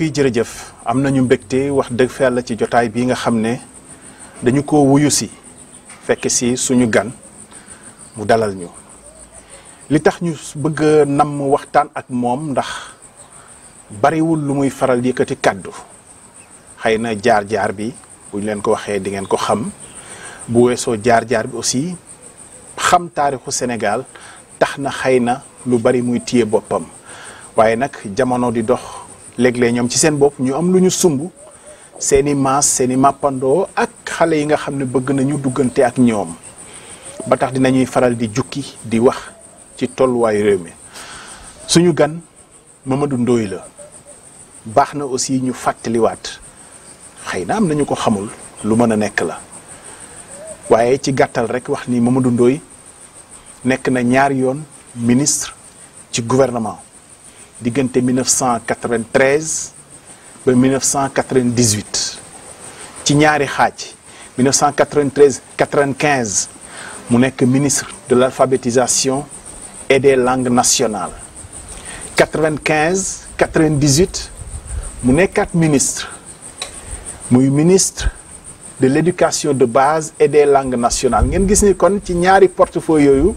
mbokk jërëjëf am nañu mbégte wax dëgg fa yàlla ci jotaay bii nga xam ne dañu ko wuyu si fekk si suñu gan mu dalal ñu li tax ñu bëgg namm waxtaan ak moom ndax bariwul lu muy faral yëkkati kàddu xëy na jaar-jaar bi buñ leen ko waxee di ngeen ko xam bu weesoo jaar-jaar bi aussi xam taarixu senegal tax na xëy na lu bari muy téye boppam waaye nag jamono di dox léeg ñoom ci seen bopp ñu am lu ñu sumb seeni i maas seen màppandoo ak xale yi nga xam ne bëgg nañu duggante ak ñoom ba tax dinañuy faral di jukki di wax ci tolluwaayu réew mi suñu gan Mamadou Ndoye la baax na aussi ñu fàttaliwaat xëy na am nañu ko xamul lu mën a nekk la waaye ci gàttal rek wax ni Mamadou Ndoye nekk na ñaari yoon ministre ci gouvernement diggante 1993 ba 1998 ci ñaari xaaj 1993 95 mu nekk ministre de l'alphabétisation et des langues nationales 95 98 mu nekkaat ministre muy ministre de l'éducation de base et des langues nationales ngeen gis ni kon ci ñaari portefeuille yooyu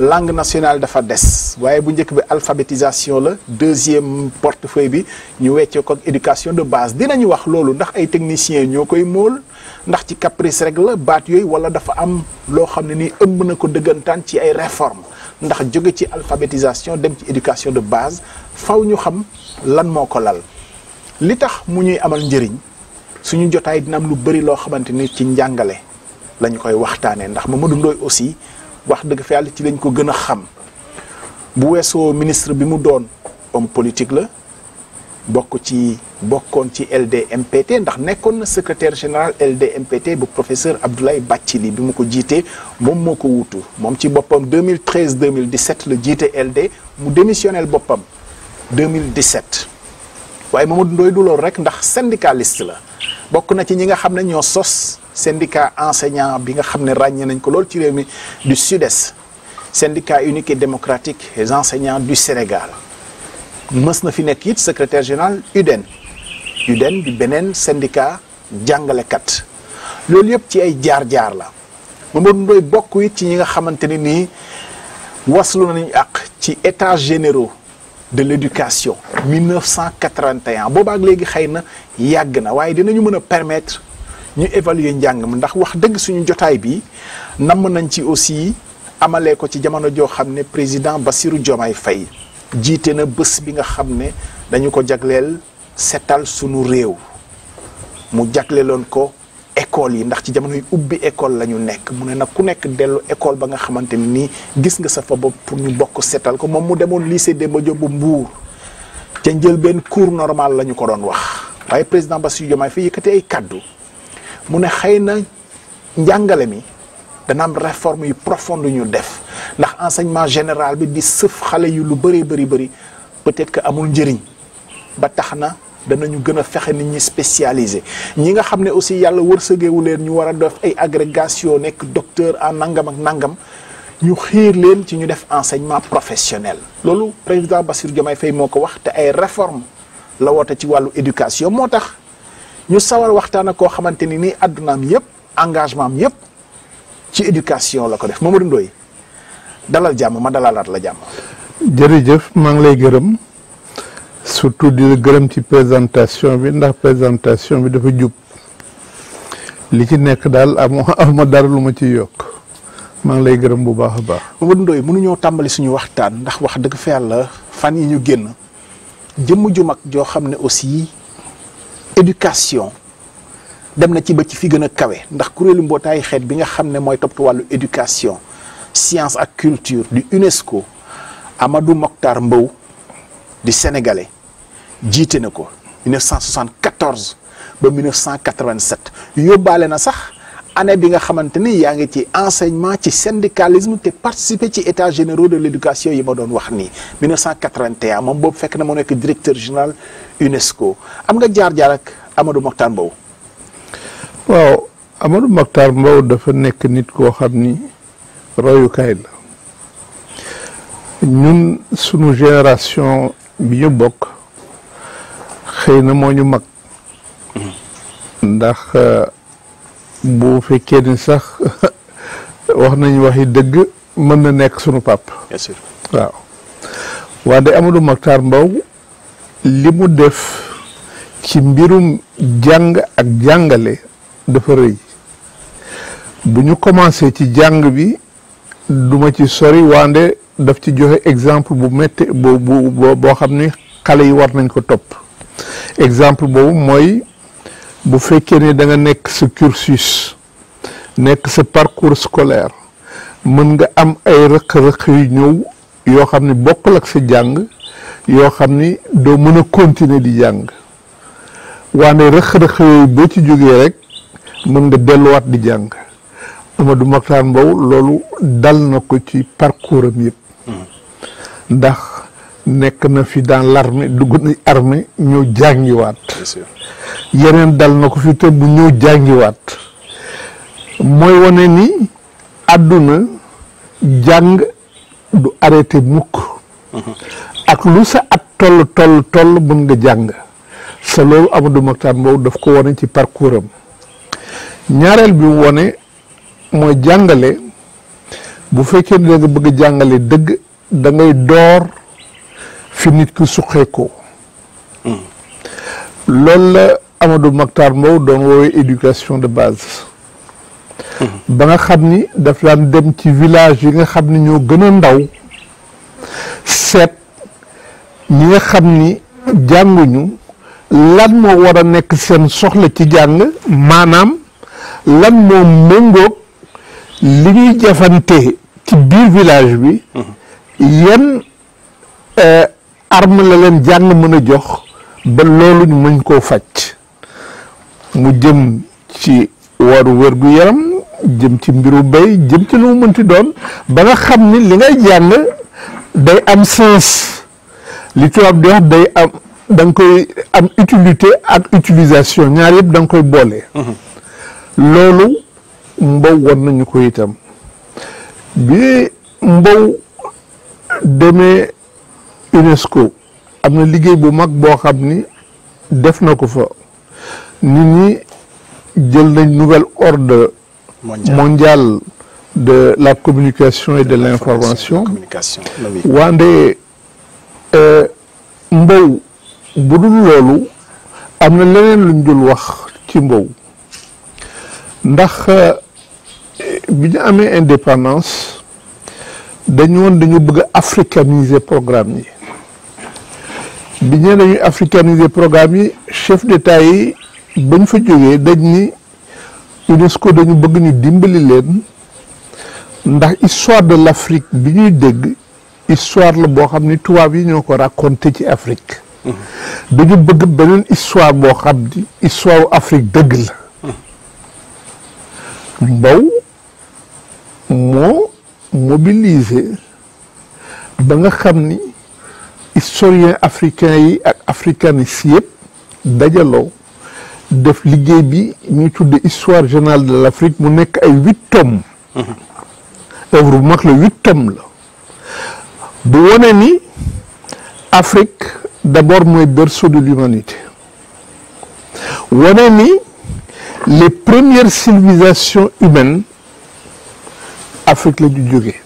langue nationale dafa des waaye bu njëkk bi alphabétisation la deuxième portefeuille bi ñu weccee ko ak éducation de base dinañu wax loolu ndax ay technicien ñoo koy mool ndax ci caprice rek la baat yooyu wala dafa am loo xam ne nii ëmb na ko dëggantaan ci ay réformes ndax jóge ci alphabétisation dem ci éducation de base faw ñu xam lan moo ko lal li tax mu ñuy amal njëriñ suñu jotaay dina am lu bëri loo xamante ni ci njàngale lañu koy waxtaanee ndax Mamadou aussi. wax dëgg fi yàlla ci lañ ko gën a xam bu weesoo ministre bi mu doon homme politique la bokk ci bokkoon ci LDMPT ndax nekkoon na secrétaire général LDMPT bu professeur Abdoulaye Bathily bi mu ko jiitee moom moo ko wutu moom ci boppam 2013 2017 la jiite LD mu démissionnel boppam 2017 waaye Mamadou Ndoye du loolu rek ndax syndicaliste la bokk na ci ñi nga xam ne ñoo sos syndicat enseignant bi nga xam ne ràññee nañ ko loolu ci réew mi du sud-est syndicat unique et démocratique des enseignants du Sénégal mës na fi nekk it secrétaire général UDEN UDEN di beneen syndicat jàngalekat loolu yëpp ci ay jaar-jaar la Mamadou Ndoye bokk it ci ñi nga xamante ne nii waslu ñu àq ci état générau de l'éducation 1981 ak léegi xëy na yàgg na waaye dinañu mën a permettre ñu évaluer njàng mi ndax wax dëgg suñu jotaay bi namm nañ ci aussi amalee ko ci jamono joo xam ne président Bassirou Diomaye Faye jiite na bës bi nga xam ne dañu ko jagleel setal suñu réew mu jagleeloon ko école yi ndax ci jamono yu ubbi école la ñu nekk mu ne nag ku nekk dellu école ba nga xamante ni nii gis nga sa fa bopp pour ñu bokk setal ko moom mu demoon lycée Demba Diop bu Mbour ca benn cour normal la ñu ko doon wax waaye président Bassirou Diomaye Faye yëkkati mu ne xëy na njàngale mi dana am réforme yu profonde ñu def ndax enseignement général bi di sëf xale yi lu bëree bëri bëri peut-être que amul njëriñ ba tax na danañu gën a fexe nit ñi spécialisé ñi nga xam ne aussi yàlla wërsëgeewu leen ñu war a def ay agrégation nekk docteur en nangam ak nangam ñu xiir leen ci ñu def enseignement professionnel. loolu président Bassirou Diomaye Faye moo ko wax te ay réforme la woote ci wàllu éducation moo tax. ñu sawar waxtaan ak koo xamante ni nii addunaam yëpp engagement am yëpp ci éducation la ko def Mamadou Ndoye dalal jàmm ma dalalaat la jàmm. jërëjëf maa ngi lay gërëm surtout di gërëm ci présentation bi ndax présentation bi dafa jub li ci nekk daal amoo amoo dara lu ma ci yokk maa ngi lay gërëm bu baax a baax. Mamadou Ndoye mënuñoo tàmbali suñu waxtaan ndax wax dëgg fa yàlla fan yi ñu génn jëmm ju mag joo xam ne aussi. éducation dem na ci ba ci fi gën a kawe ndax kuréelu mbootaayu xeet bi nga xam ne mooy topp wàllu éducation science ak culture du UNESCO Amadou Mokhtar Mbow di sénégalais jiite na ko 1974 ba 1987 yóbbaale na sax. année bi nga xamante ni yaa ngi ci enseignement ci syndicalisme te participer ci état généraux de l'éducation yi ma doon wax nii 1981 moom boobu fekk na mu nekk directeur général UNESCO am nga jaar-jaar ak Amadou Mokhtar Mbow. waaw Mbow dafa nekk nit koo xam ni royukaay la ñun sunu génération bi ñu bokk xëy na moo ñu mag mm-hmm. ndax. bu fekkee ni sax wax nañ waxi dëgg mën na nekk sunu pap bien sûr waaw waa de Amadou Makhtar Mbow li mu def ci mbirum jàng ak jàngale dafa rëy bu ñu commencé ci jàng bi duma ci sori waande daf ci joxe exemple bu métti bu bu boo xam ni xale yi war nañ ko topp exemple boobu mooy bu fekkee ne danga nekk sa cursus nekk sa parcours scolaire mën nga am ay rëq-rëq yu ñëw yoo xam ne bokkul ak sa jàng yoo xam ni doo mën a continuer di jàng waane rëq-rëq yooyu boo ci jógee rek mën nga delluwaat di jàng Amadou Mahtar Mbow loolu dal na ko ci parcours am mm. ndax nekk na fi dans l'armée dugg na armée ñëw jàngiwaat yeneen dal na ko fi te bu ñëw jàngiwaat mooy wane ni àdduna jàng du arrêté mukk ak lu sa at toll toll toll mën nga jàng sa loolu Amadou Mahtar Mbow daf ko wane ci parcours ñaareel bi mu wane mooy jàngale bu fekkee da nga bëgg jàngale dëgg da door fi nit ki suqeekoo hmm. loolu la Amadou Makhtar Mbow doon woowee éducation de base. ba nga xam ni daf daan dem ci village yi nga xam ni ñoo gën a ndaw seet ñi nga xam ni jànguñu lan moo war a nekk seen soxla ci jàng maanaam lan moo méngoog li ñuy jafante ci biir village bi yan euh, arme la leen jàng mën a jox ba loolu ñu mën koo faj mu jëm ci waru gu yaram jëm ci mbiru bay jëm ci lu mu mënti doon ba nga xam ni li ngay jàng day am sens li tubaab di day am da nga koy am utilité ak utilisation ñaar yëpp da nga koy boole. loolu mbow won nañu ko itam bi mbow demee UNESCO am na liggéey bu mag boo xam ni def na ko fa. nit ñi jël nañ nouvel ordre mondial de la communication et de l'information wande euh, mbow bu dul loolu am na leneen luñ dul wax ci mbow ndax euh, bi ñu amee indépendance dañu woon dañu bëgg a programme yi bi ñu dañuy africaniser programme yi chef d'état yi bañ fa jógee dañ ni UNESCO dañu bëgg ñu dimbali leen ndax histoire de l'Afrique bi ñuy dégg histoire la boo xam ni tubaab yi ñoo ko raconté ci Afrique mm-hmm. dañu bëgg beneen histoire boo xam ni histoire Afrique dëgg la mm-hmm. Mbow ni historien yëpp dajaloo def liggéey bi ñu tudde histoire générale de l'Afrique mu nekk ay huit tomes œuvre bu mag la huit tomes la bu wone ni Afrique d'abord mooy berceau de l'humanité wone ni les premières civilisations humaines Afrique la ñu jógee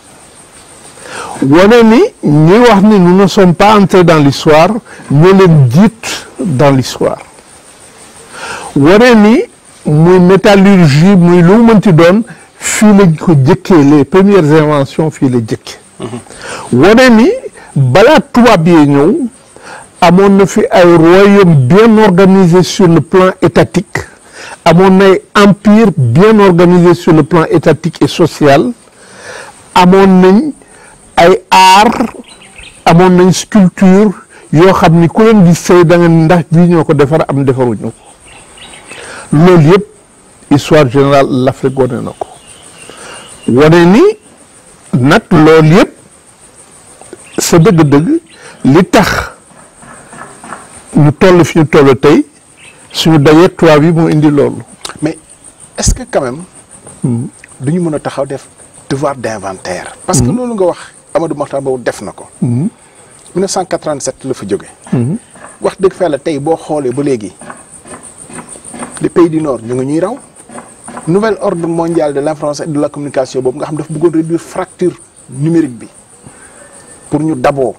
wone ni ñuy wax ni nous ne sommes pas entrés dans l'histoire ñoo leen jiit dans l'histoire waree ni muy métallurgie muy lu mu mënti doon fii lañ ko jëkkee les premières inventions fii la jëkke mhm. waree ni balaa tubaab yee ñëw amoon na fi ay royaume bien organisé sur le plan étatique amoon na ay empire bien organisé sur le social amoon nañ ay art amoon nañ sculpture yoo xam ni ku leen gis say da nga ndax lii ñoo ko defar am defaruñu ko loolu yëpp histoire générale l'Afrique wane na ko wane ni nag loolu yëpp sa dëgg-dëgg li tax ñu toll fi ñu toll tey suñu dajee tubaab yi moo indi loolu. mais est-ce que quand même. duñu mën a taxaw def devoir d'inventaire. parce que mm-hmm. loolu nga wax Amadou Mahtar Mbow def na ko. 1987 mm-hmm. la fa jóge mm-hmm. wax dëgg fa la tey boo xoolee ba léegi. les pays du nord ñu ngi ñuy raw nouvelle ordre mondial de la et de la communication boobu nga xam dafa bëggoon réduire fracture numérique bi pour ñu daboo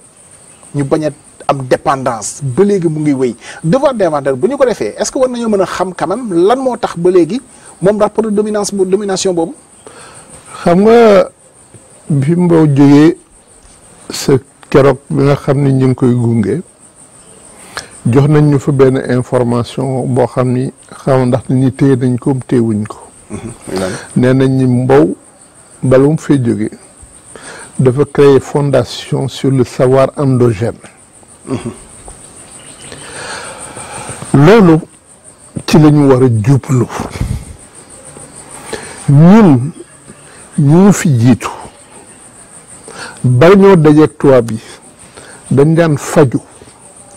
ñu bañ a am dépendance ba léegi mu ngi wéy devoir d'inventaire bu ñu ko defee est-ce que war nañoo mën a xam quand lan moo tax ba léegi moom rapport de dominance domination boobu. xam nga bi Mbow jógee sa keroog bi nga xam ni ñu koy gunge. jox nañ ñu fa benn information boo xam ni xam ndax ni téye nañ ko téewuñ ko. Mhm. nee nañ ni Mbow bala mu fee jóge dafa créer fondation sur le savoir endogène. Mhm. loolu ci la war a jublu ñun ñu fi jiitu bala ñoo dajeeg tubaab yi dañ daan faju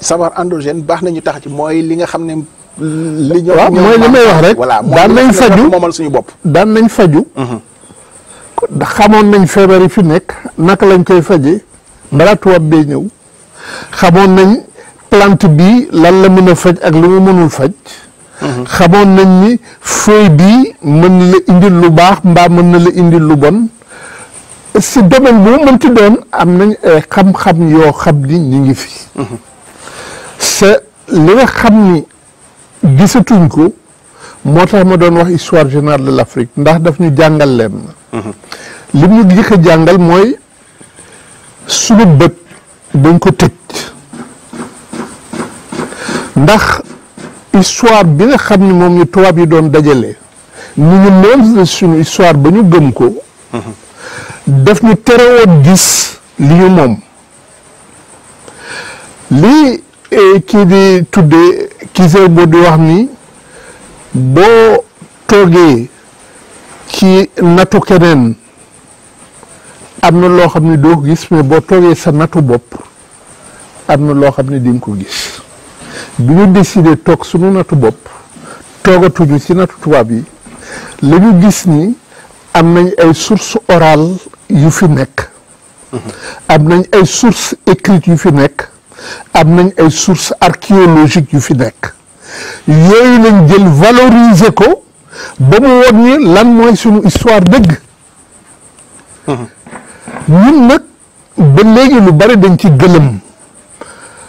savoir endogène baax nañu tax mooy li nga xam ne. li ñoo mooy li may wax rek. voilà daan nañ faju moomal suñu bopp. daan nañ faju mhm. xamoon nañ feebar yi fi nekk naka lañ koy faje balaa tubaab bee ñëw xamoon nañ plant bi lan la mën a faj ak lu mu mënul faj. Mhm. xamoon nañ ni feuille bi mën na la indil lu baax mbaa mën na la indil lu bon si domaine bu mënti doon am nañ ay eh, xam-xam yoo xam ni ñu ngi fi. Mhm. sa li nga xam ni gisatuñ ko moo tax ma doon wax histoire générale de l'Afrique ndax daf ñu jàngal leen. Mm-hmm. li mu jëkk jàngal mooy suñu bët dañ ko tëj ndax histoire bi nga xam ni moom ñu tuwaab yi doon dajale ni ñu même suñu histoire ba ñu gëm ko. Mm-hmm. daf ñu terewoon gis li ñu moom lii kii di tuddee kisee boo di wax ni boo toogee ci nattu keneen am na loo xam ne doo gis mais boo toogee sa nattu bopp am na loo xam ne di ko gis bi ñu décidé toog suñu nattu bopp toogatuñu ci natu tubaab yi la ñu gis ni am nañ ay sources orales yu fi nekk mhm. am nañ ay sources écrites yu fi nekk am nañ ay sources archéologiques yu fi nekk yooyu lañ jël valoriser ko ba mu woon ñi lan mooy suñu histoire dëgg ñun nag ba léegi lu bari dañ ci gëlëm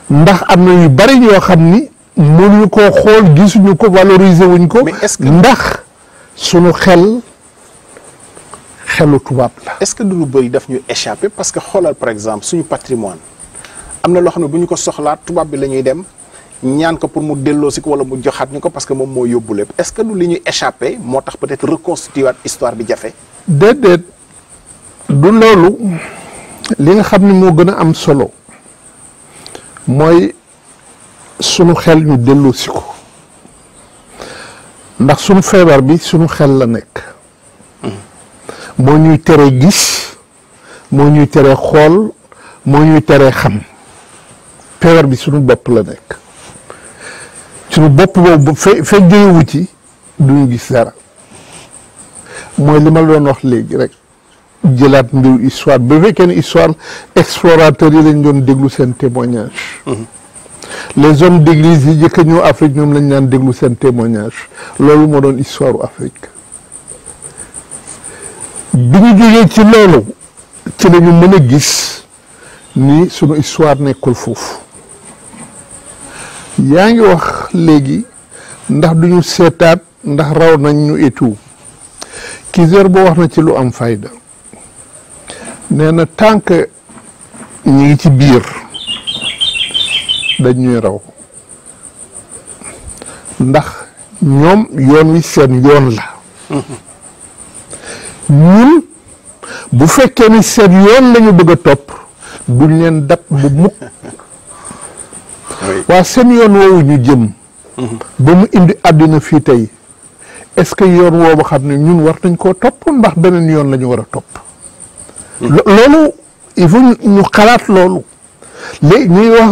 ndax am na yu bari ñoo xam ni ñu ko xool gisuñu ko valoriser wuñ ko ndax suñu xel xelu tubaab la est-ce que du lu bëri daf ñu échappé parce que xoolal par exemple suñu patrimoine am na loo xam ne bu ñu ko soxlaa tubaab bi la ñuy dem ñaan ko pour mu delloo si ko wala mu joxaat ñu ko parce que moom moo yóbbu lépp est-ce que lu li ñuy échappé moo tax peut-être histoire bi jafe. déedéet du loolu li nga xam ne moo gën a am solo mooy sunu xel ñu delloo si ko ndax sunu feebar bi sunu xel la nekk. moo ñuy tere gis moo ñuy tere xool moo ñuy tere xam. feebar bi sunu bopp la nekk sunu bopp boobu fe fekk jógewu ci duñu gis dara mooy li ma doon wax léegi rek jëlaat mbiru histoire ba fekkee ne histoire explorateur yi lañ doon déglu seen témoignage mhm. les hommes d'église yi jëkk ñëw Afrique ñoom lañ naan déglu seen témoignage loolu moo doon histoire Afrique bi ñu jógee ci loolu ci lañu mën a gis ni sunu histoire nekkul foofu yaa ngi wax léegi ndax duñu seetaat ndax raw nañ ñu et tout boo wax na ci lu am fayda nee na tant que ñi ci biir dañuy raw ndax ñoom yoon wi seen yoon la ñun bu fekkee ni seen yoon lañu bëgg a topp duñ leen dab bu mukk waa seen yoon woowu ñu jëm mhm. ba mu indi àddina fii tey est-ce que yoon woowu xam ne ñun war nañ koo topp ndax beneen yoon la ñu war a topp mhm. loolu il faut ñu xalaat loolu léegi ñuy wax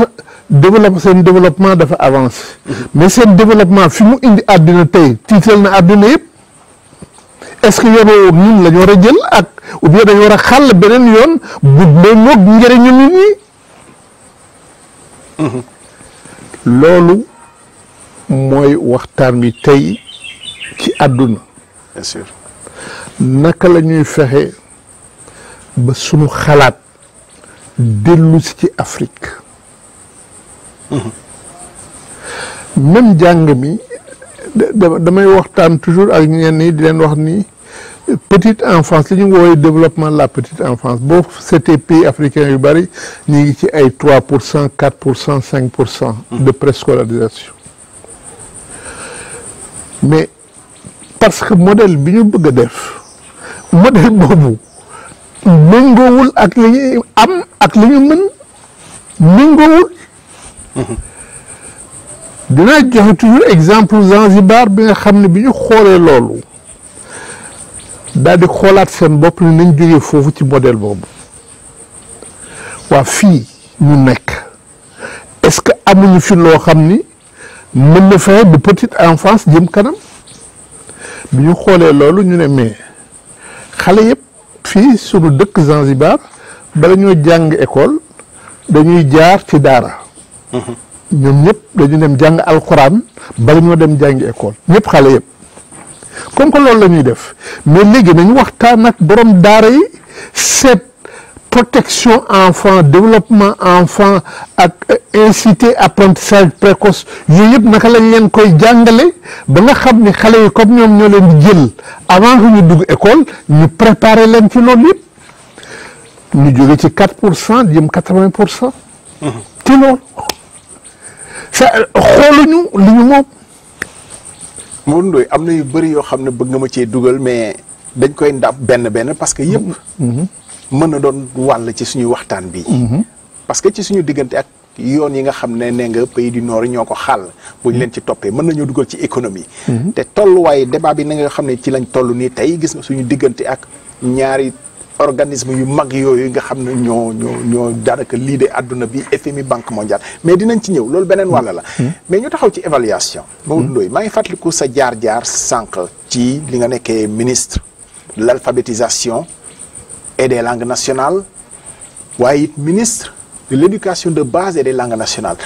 développe seen développement dafa avance mhm. mais seen développement fi mu indi àddina tey tiital na àddina yëpp est-ce que yoon woowu ñun la war a jël ak ou bien dañu war a xàll beneen yoon bu méngoog njëriñu nit ñi loolu mooy waxtaan wi tey ci àdduna naka lañuy fexe ba sunu xalaat dellu ci Afrique mm-hmm. même jàng mi damay waxtaan toujours ak ñenn ñi di leen wax nii petite enfance li ñu développement de la petite enfance boo seetee pays africain yu bëri ñu ngi ci ay trois pour cent quatre pour cent cinq pour cent de préscolarisation mais parce que modèle bi ñu bëgg def modèle boobu méngoowul ak li am ak li ñu mën méngoowul dinaa joxe toujours exemple Zanzibar bi nga xam ne bi ñu xoolee loolu daal di xoolaat seen bopp ni nañ jógee foofu ci modèle boobu waa fii ñu nekk est-ce que amuñu fi loo xam ni mën na fexe bu petite enfance jëm kanam bi ñu xoolee loolu ñu ne mais xale yëpp fii sunu dëkk Zanzibar bala ñoo jàng école dañuy jaar ci daara mhm. ñoom ñëpp dañu dem jàng alxuraan bala ñoo dem jàngi école ñëpp xale yëpp comme que loolu la ñuy def mais léegi nañu waxtaan nag borom daara yi seet protection enfant développement enfant ak inciter apprentissage précoce yooyu yëpp naka lañ leen koy jàngale ba nga xam ne xale yi comme ñoom ñoo leen jël avant que ñu dugg école ñu préparer leen ci loolu yëpp ñu jóge ci 4 pour cent jëm 80 pour cent. ci loolu. sa xooluñu li ñu moom. Modou Ndoye am na yu bëri yoo xam ne bëgg nga ma cee dugal mais dañ koy ndab benn benn parce que yëpp. mën na doon wàll ci suñu waxtaan bi parce que ci suñu diggante ak yoon yi nga xam ne ne nga pays du nord ñoo ko xàll. bu ñu leen ci toppee mën nañoo dugal ci économie. Mhm. te tolluwaayu débat bi na nga xam ne ci lañ toll nii tey gis nga suñu diggante ak ñaari organisme yu mag yooyu nga xam ne ñoo ñoo ñoo daanaka lii de àdduna bi FMI banque mondiale mais dinañ ci ñëw loolu beneen wàll la. Hmm. mais ñu taxaw ci évaluation. Hmm. Maodo Ndoye maa ngi fàttaliku sa jaar-jaar sànq ci li nga nekkee ministre de l' et des langues nationale waaye it ministre de l' de base et des langues nationales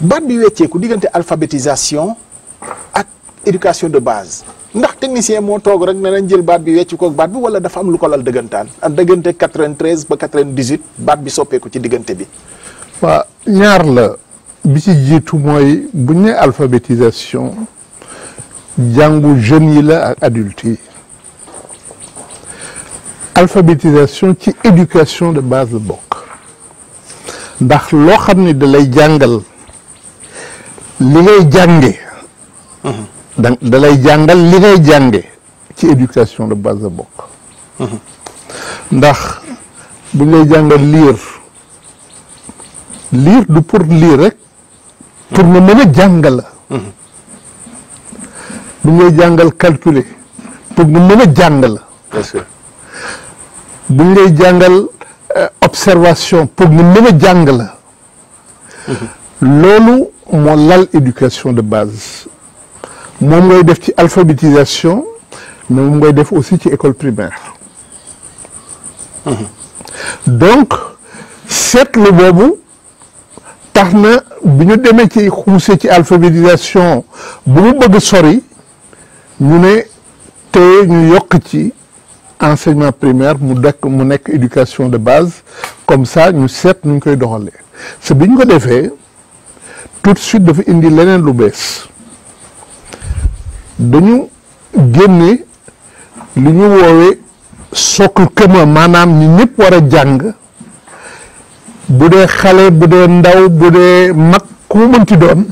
baat bi wecceeku diggante alphabétisation ak éducation de base. ndax technicien moo toog rek ne nañ jël baat bi wecc koog baat bi wala dafa am lu ko lal dëggantaan a dëggante 93 ba 98 baat bi soppeeku ci diggante bi. waaw ñaar la bi ci jiitu mooy bu ñu nee jàngu jeunes yi la ak adultes yi alphabétisation ci éducation de base la bokk ndax loo xam ne da jàngal li ngay jànge mhm. da da jàngal li ngay jànge ci éducation de base la bokk. Mhm. ndax bu lay jàngal lire lire du pour lire rek. pour nga mën a jàngal la. Mhm. buñ lay jàngal calculer pour nga mën a jàng la. bien sûr buñ euh, pour nga mën a mhm. loolu moo lal éducation de base. moom ngay def ci alphabétisation mais moom ngay def aussi ci école primaire donc seetlu boobu tax na bi ñu demee ci xuuse ci alphabétisation bu mu bëgg sori ñu ne te ñu yokk ci enseignement primaire mu dekk mu nekk éducation de base comme ça ñu seet nu ñu koy doxalee sa bi ñu ko defee tout de suite dafa indi leneen lu bees dañu génne lu ñu woowee socle commun maanaam ñi ñëpp war a jàng bu dee xale bu dee ndaw bu dee mag ku mënti doon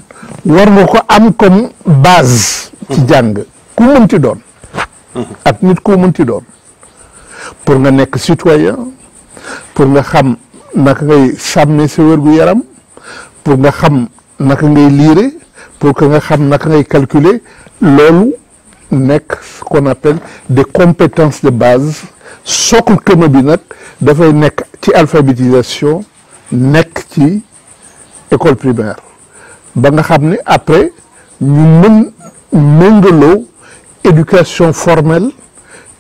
war nga ko am comme base ci jàng ku mënti doon ak nit ku mënti doon pour nga nekk citoyen pour nga xam naka ngay sàmmee sa wérgu yaram pour nga xam naka ngay liire pour que nga xam naka ngay calculer loolu nekk ce des compétences de base socle commun bi nag dafay nekk ci alphabétisation nekk ci école primaire ba nga xam ni après ñu mën méngaloo éducation formelle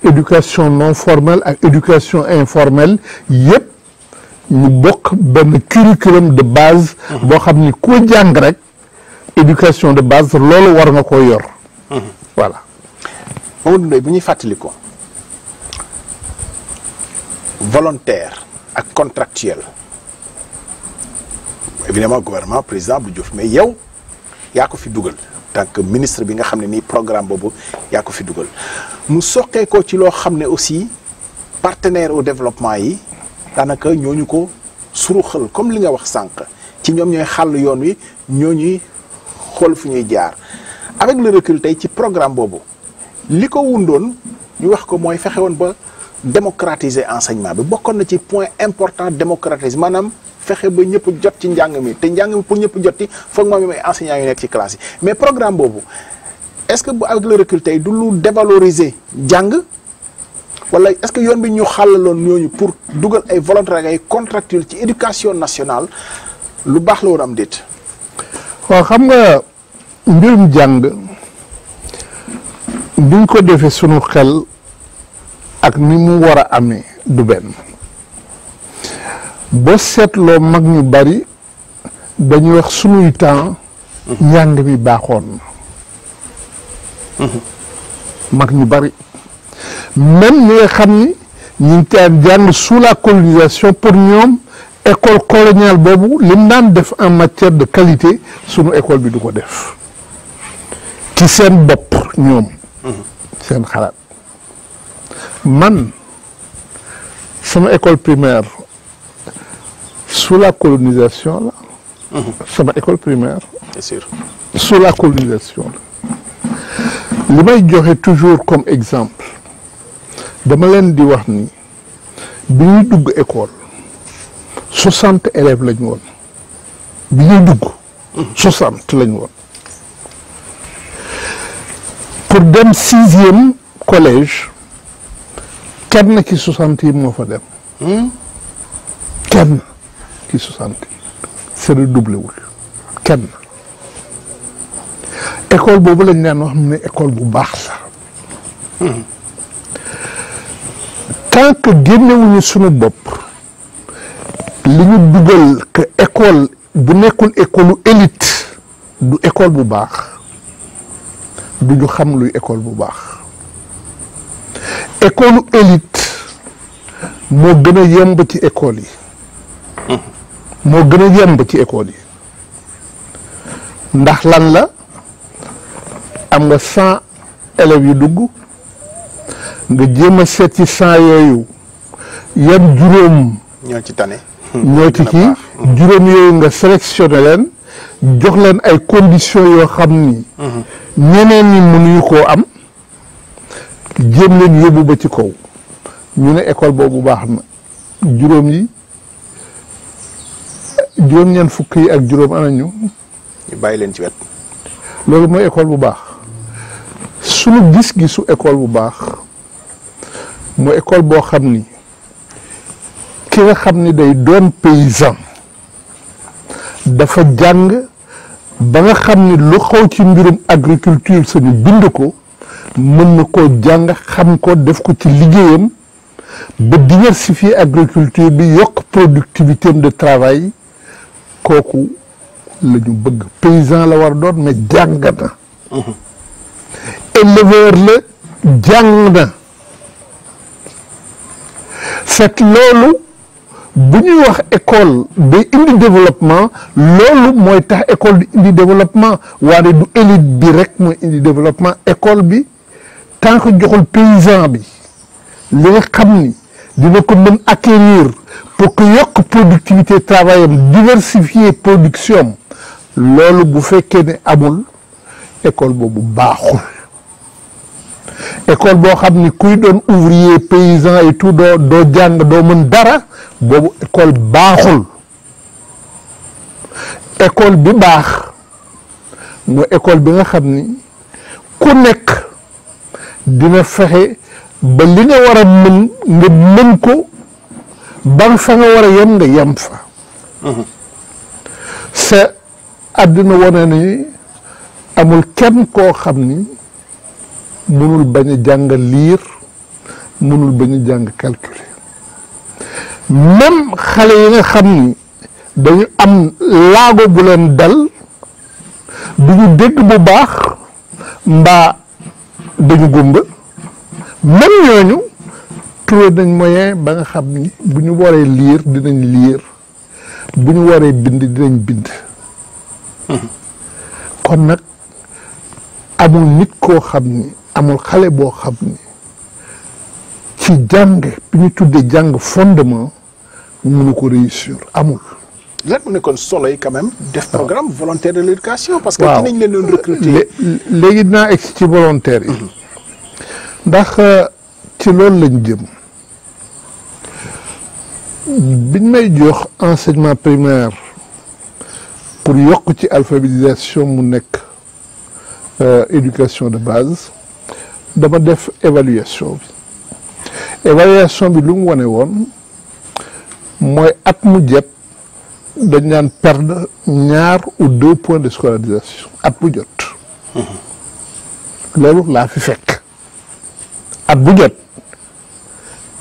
éducation non formelle ak éducation informelle yëpp ñu bokk benn curriculum de base mmh. boo xam ni koo jàng rek éducation de base loolu war nga koo yor voilà Mamadou Ndoye bu ñuy fàttali ko volontaire ak contractuel évidemment gouvernement président bu Diouf mais yow yaa ko fi dugal tant que ministre bi nga xam ne nii programme boobu yaa ko fi dugal mu soqee ko ci loo xam ne aussi partenaire au développement yi daanaka ñooñu ko suruxal comme li nga wax sànq ci ñoom ñooy xàll yoon wi ñoo ñuy xool fu ñuy jaar avec le recul tey ci programme boobu li ko wundoon ñu wax ko mooy fexe woon ba démocratiser enseignement bi bokkoon na ci point important démocratiser maanaam fexe ba ñëpp jot ci njàng mi te njàng mi pour ñëpp jot ci foog moom mi ay enseignants yu nekk ci classe yi mais programme boobu est-ce que bu avec le recul tey du lu dévaloriser jàng wala est-ce que yoon bi ñu xàllaloon ñooñu pour dugal ay volontaires ay contractuels ci éducation nationale lu baax la woon am déet. mbirum jàng biñ ko defe sunu xel ak ni mu war a amee du benn boo seetloo mag ñu bari dañuy wax sunuy temps njàng mi baaxoon mag ñu bari même ñi nga xam ni ñu ngi daan jàng sous la colonisation pour ñoom école coloniale boobu lim naan def en matière de qualité sunu école bi du ko def ci seen bopp ñoom seen xalaat man sama école primaire su la colonisation la école primaire bien sûr li may joxe toujours comme exemple dama leen di wax ni bi ñuy dugg école soixante élèves lañ woon bi ñuy dugg soixante lañ woon pour dem sixième collège kenn ki soixante moo fa dem. Hmm? kenn ki soixante yi c'est kenn école boobu lañ daan wax ne école bu baax la. Hmm. tant que génnewuñu sunu bopp li ñu dugal que école bu nekkul école élite du école bu baax. du ñu xam luy école bu baax école élite moo gën a yemb ci école yi moo gën a yemb ci école yi ndax lan la am nga san élèves yu dugg nga jéem a seet ci cent yooyu yan juróom ñoo ci tane ñoo ci kii juróom yooyu nga sélectionné leen jox leen ay conditions yoo xam ni. ñeneen ñi mënuñu koo am jéem leen yóbbu ba ci kaw ñu ne école boobu baax na juróom yi juróom-ñeent fukk yi ak juróom anañu ñu bàyyi leen ci wet. loolu mooy école bu baax sunu gis-gisu école bu baax mooy école boo xam ni ki nga xam ni day doon paysan. dafa jàng ba nga xam ni lu xaw ci mbirum agriculture sañu bind ko mën na koo jàng xam ko def ko ci liggéeyam ba diversifier agriculture bi yokk productivité de travail kooku la ñu bëgg paysan la war doon mais jàng na éleveur la jàng na fekk loolu bu ñuy wax école day indi développement loolu mooy tax école di indi développement waaye du élite bi rek mooy indi développement école bi tant que joxul paysan bi li nga xam ni dina ko mën acquérir pour que yokk productivité travail am diversifier production loolu bu fekkee ne amul école boobu baaxul école boo xam ni kuy doon ouvrier paysan et doo doo jàng doo mën dara boobu école baaxul école bi baax mooy école bi nga xam ni ku nekk dina fexe ba li nga war a mën nga mën ko ba fa nga war a yem nga yem fa mhm. sa àddina wane ni amul kenn koo xam ni mënul bañ a jàng liir mënul bañ a jàng calculer même xale yi nga xam ni dañu am laago bu leen dal du ñu dégg bu baax mbaa dañu gumba même ñooñu trouvé nañ moyen ba nga xam ni bu ñu waree liir dinañ liir bu ñu waree bind dinañ bind hmm. kon nag amul nit koo xam ni amul xale boo xam ne ci jàng bi ñu tuddee jàng fondement mënu ko réussir amul. lan nekkoon solo yi quand même. def ah. programme parce que ci nañ léegi dinaa egg ci volontaire mhm. ndax euh, ci loolu lañ jëm. biñ may jox enseignement primaire pour yokk ci alphabétisation mu nekk euh, éducation de base. dama def évaluation bi évaluation bi lu mu wane woon mooy at mu jot dañ naan perdre ñaar ou deux points de scolarisation at mu jot mm-hmm. loolu laa fi fekk at bu jot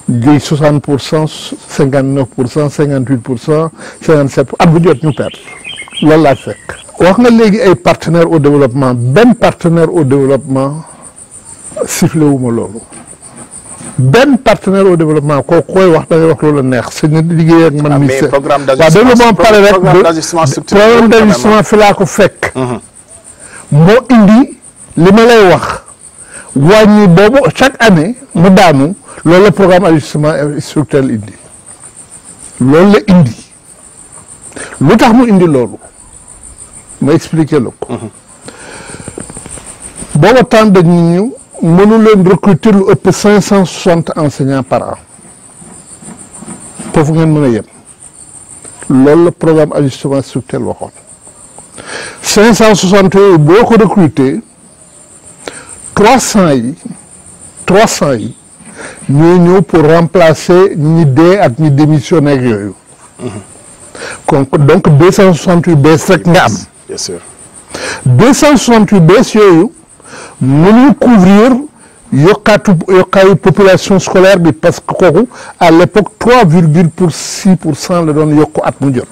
juy soixante pour cent cinquante neuf pour cent cinquante huit pour cent cinquante sept at bu jot ñu perdre loolu laa fi fekk wax nga léegi ay partenaires au développement benn partenaire au développement sifle loolu benn partenaire au développement kooku koy wax da ngay wax loolu la neex sëñ na liggéey ak man. Ah, mi se programme d' ajustement structurel waaw programme d' fi laa ko fekk. Mhm. moo indi li ma lay wax wàññi boobu chaque année mu daanu loolu la programme ajustement structurel indi loolu la indi lu tax mu indi loolu ma expliqué la ko. Mhm. booba temps dañ mënu leen recruter lu ëpp cinq cent soixante enseignants par an ngeen mën a yem loolu la programme ajustement structurel waxoon cinq cent soixante boo ko recruter trois cent yi trois cent yi ñoo ñëw pour remplacer ñi dee ak ñi démissionné ak yooyu kon donc deux cent soixante yu bees rek nga am bien sûr deux cent yu bees yooyu mënuñu couvrir yokkaatu yokkaayu population scolaire bi parce que kooku à l'époque trois virgule pour six pour cent la doon yokku at mu jot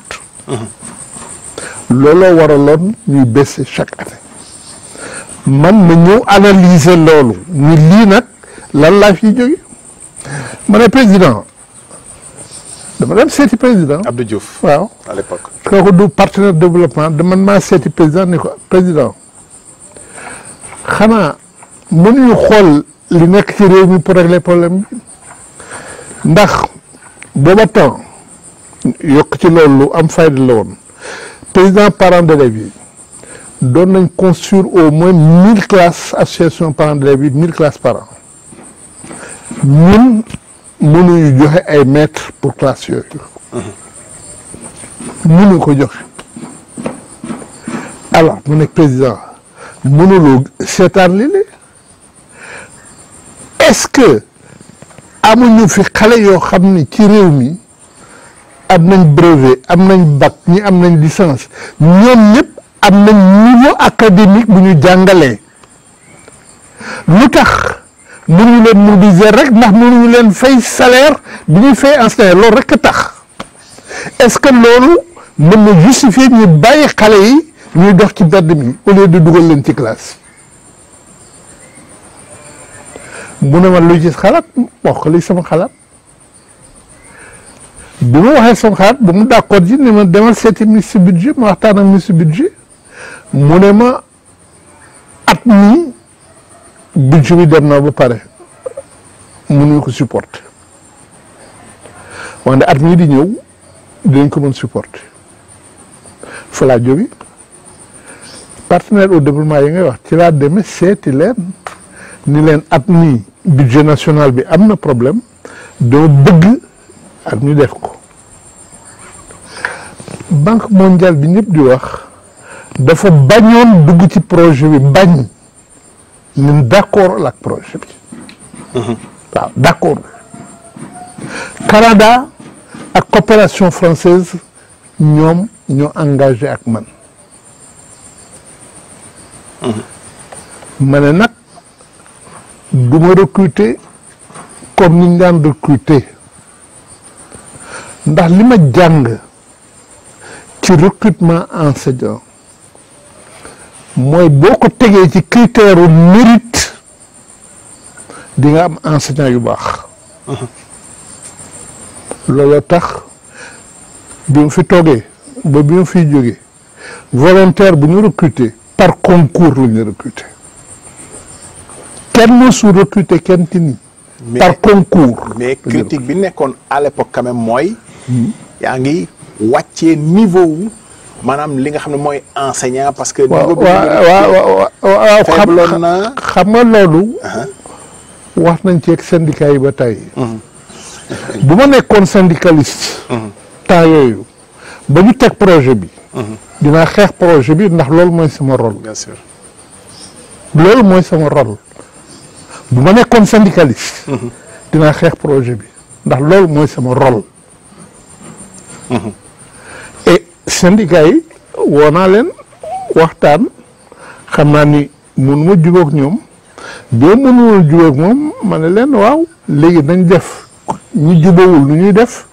looloo waraloon ñuy baisse chaque année man ma ñëw analyser loolu ni lii nag lan laa fi jóge ma ne président dama dem seeti président Abdou Diouf waaw à l'époque kooku du partenaire développement dama maa seeti président ni ko président xanaa mënuñu xool li nekk ci réew mi pour régler problème bi ndax booba temps yokk ci loolu lu am fayda la woon président parents d'élèves yi doon nañ construire au moins mille classes association parents d'élèves yi mille classes par an ñun mënuñu joxe ay maîtres pour classe yooyu mënuñu ko joxe alors mu nekk président mënuloo seetaan li ne est-ce que amuñu fi xale yoo xam ni ci réew mi am nañ brevet am nañ bac ñi am nañ licence ñoom ñëpp am nañ niveau académique bu ñu jàngalee lu tax mënuñu leen mu mobiliser rek ndax mënuñu leen fay salaire bi ñuy fay enseignant loolu rek a tax est-ce que loolu mën na justifier ñu bàyyi xale yi ñuy dox ci mbedd mi au lieu de dugal leen ci classe mu ne ma lu gis xalaat wax li sama xalaat bi ma waxee sama xalaat ba mu d'accord ji ne ma demal seeti ministre budget ma waxtaan ak ministre budget mu ne ma at mi budget bi dem na ba pare mënuñu ko supporter wante at mii di ñëw dinañ ko mën supporter fa laa jógee partenaire au développement yi ngay wax ci laa demee seeti leen ni leen at nii budget national bi am na problème doo bëgg ak ñu def ko banque mondiale bi ñëpp di wax dafa bañoon dugg ci projet bi bañ ñun d'accord ak projet bi waaw d'accord ak coopération française ñoom ñoo engagé ak man mane nag du ma recruter comme ni ñu daan recruter ndax li ma jàng ci recrutement enseignant mooy boo ko tegee ci critère u mérite di nga am enseignant yu baax looloo tax bi mu fi toogee ba bi mu fiy jógee volontaire bu ñu recruter par concours la ñu kenn su recruter kenn ci par concours. critique bi nekkoon à l'époque quand mooy. Hmm. yaa ngi wàcce niveau wu li nga xam ne mooy enseignant parce que. niveau xam nga loolu. Uh-huh. wax nañ ci ak syndicat uh-huh. bu ma nekkoon syndicaliste. Uh-huh. temps yooyu ba ñu teg projet bi. dinaa xeex projet bi ndax loolu mooy sama rôle. bien mooy sama rôle bu ma nekkoon syndicaliste. Mhm. dinaa xeex projet bi ndax loolu mooy sama rôle. Mhm. et syndicat yi woo naa leen waxtaan xam naa ni mun ma jubóog ñoom boo mënul jubóog moom ma leen waaw léegi dañ def ñu jubóowul lu ñuy def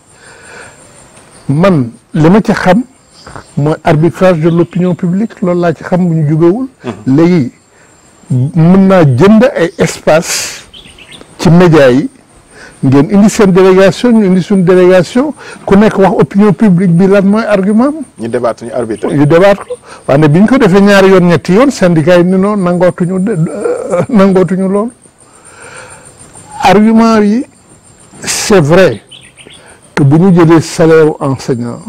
man li ma ci xam. mooy arbitrage de l'opinion publique loolu laa ci xam bu ñu jubawul léegi mën naa jënd ay espace ci média yi ngeen indi seen délégation indi suñ délégation ku nekk wax opinion publique bi lan mooy argument ñu débat ñu arbitre ñu débat ko waaye bi ñu ko defee ñaari yoon ñetti yoon syndicat yi ni noonu nangootuñu euh, nangootuñu loolu argument yi c'est vrai que bu ñu jëlee salaire enseignant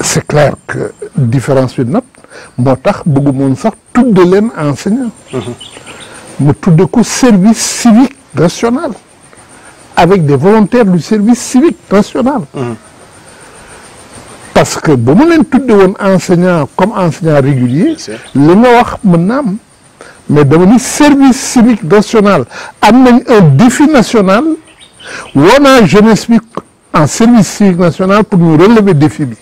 c'est clair que différence bi nag moo tax bëggu moon sax tudde leen enseignant mm-hmm. mu tudde ko service civique national avec des volontaires du service civique national mm-hmm. parce que bu mu leen tudde woon enseignant comme enseignant régulier li nga wax mën na am mais dama ni service civique national am nañ un défi national woonaa jeunesse bi en service civique national pour ñu relever défi bi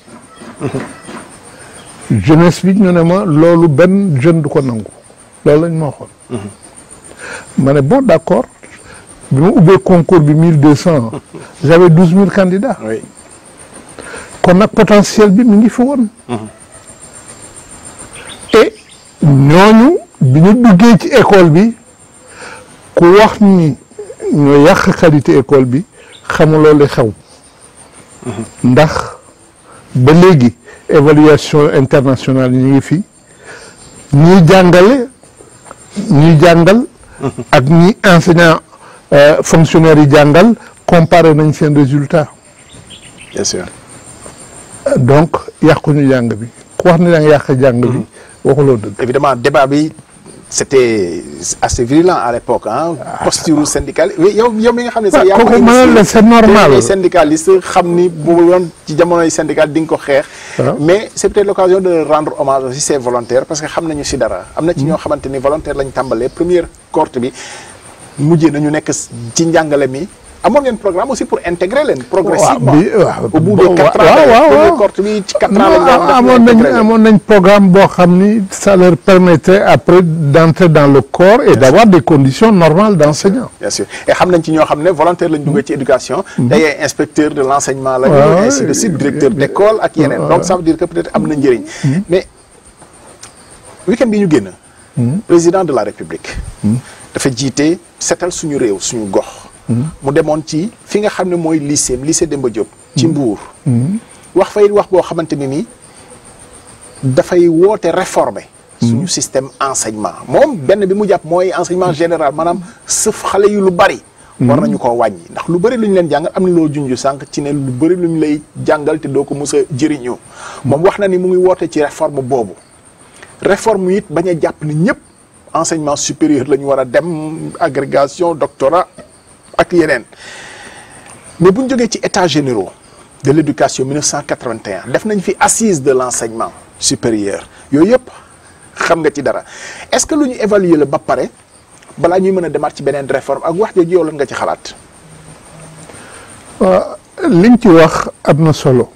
jeunesse bi ñu ne ma loolu benn jeune du ko nangu loolu lañ ma waxoon. ma ne bon d' accord bi ma ubbee concours bi mille nag potentiel bi mi ngi fi woon. et ñooñu bi ñu duggee ci école bi ku wax ni ñoo yàq qualité école bi xamuloo li xew. ndax ba léegi. évaluation internationale ñu ngi fi ñuy jàngale ñuy jàngal ak ñi enseignant euh, fonctionnaires yi jàngal comparé nañ seen résultat bien sûr donc yàquñu jàng bi ku wax ne da yàq jàng bi mm-hmm. waxuloo dëgg c'était assez virulent à l'époque ah. posture syndicale yow yow mi nga xam ne sax. yaa ngi ko c'est normal tey xam ni bu woon ci jamonoy syndical di ko xeex. Ah. mais c'est peut-être l'occasion de rendre hommage aussi ces volontaires parce que xam nañu si dara. am na ci ñoo hmm. xamante ni volontaire lañ tàmbalee première cohorte bi na ñu nekk ci njàngale mi. amoon ngeen programme aussi pour intégrer leen. progressivement au bout de quatre amoon nañ amoon nañ programme boo xam ni ça leur permettait après d'entrer dans le corps et d'avoir des conditions normales d'enseignant. et xam nañ ci ñoo xam ne volontaire lañ duggee ci éducation. day mm-hmm. inspecteur de l'enseignement la. waaw ainsi de suite directeur d'école ak yeneen. donc ça veut dire que peut-être am na njëriñ. Mm-hmm. mais week bi ñu génn. Mm-hmm. président de la république. dafa jiite setal suñu réew suñu gox. mu demoon ci fi nga xam ne mooy lycée lycée Demba Diop. ci mm. mbuur mm. wax fay wax boo xamante ne ni dafay woote réformer. Mm. suñu système enseignement moom benn bi mu jàpp mooy enseignement général maanaam sëf xale yi lu bari. war nañu ko wàññi ndax lu bëri lu leen jàngal am na loo junj sànq ci ne lu bëri luñu lay jàngal te doo ko mës a jëriñu. moom wax na ni mu ngi woote ci réforme boobu réforme it bañ a jàpp ni ñëpp enseignement supérieur lañu ñu war a dem agrégation doctorat ak yeneen mais bu ñu jógee ci états généraux de l' éducation 1981 def nañ fi assise de l' enseignement supérieur yooyu yëpp xam nga ci dara est ce que lu ñu évaluer la ba pare balaa ñuy mën a demaat ci beneen réforme ak wax jooju yow lan nga ci xalaat. Euh, liñ ci wax am na solo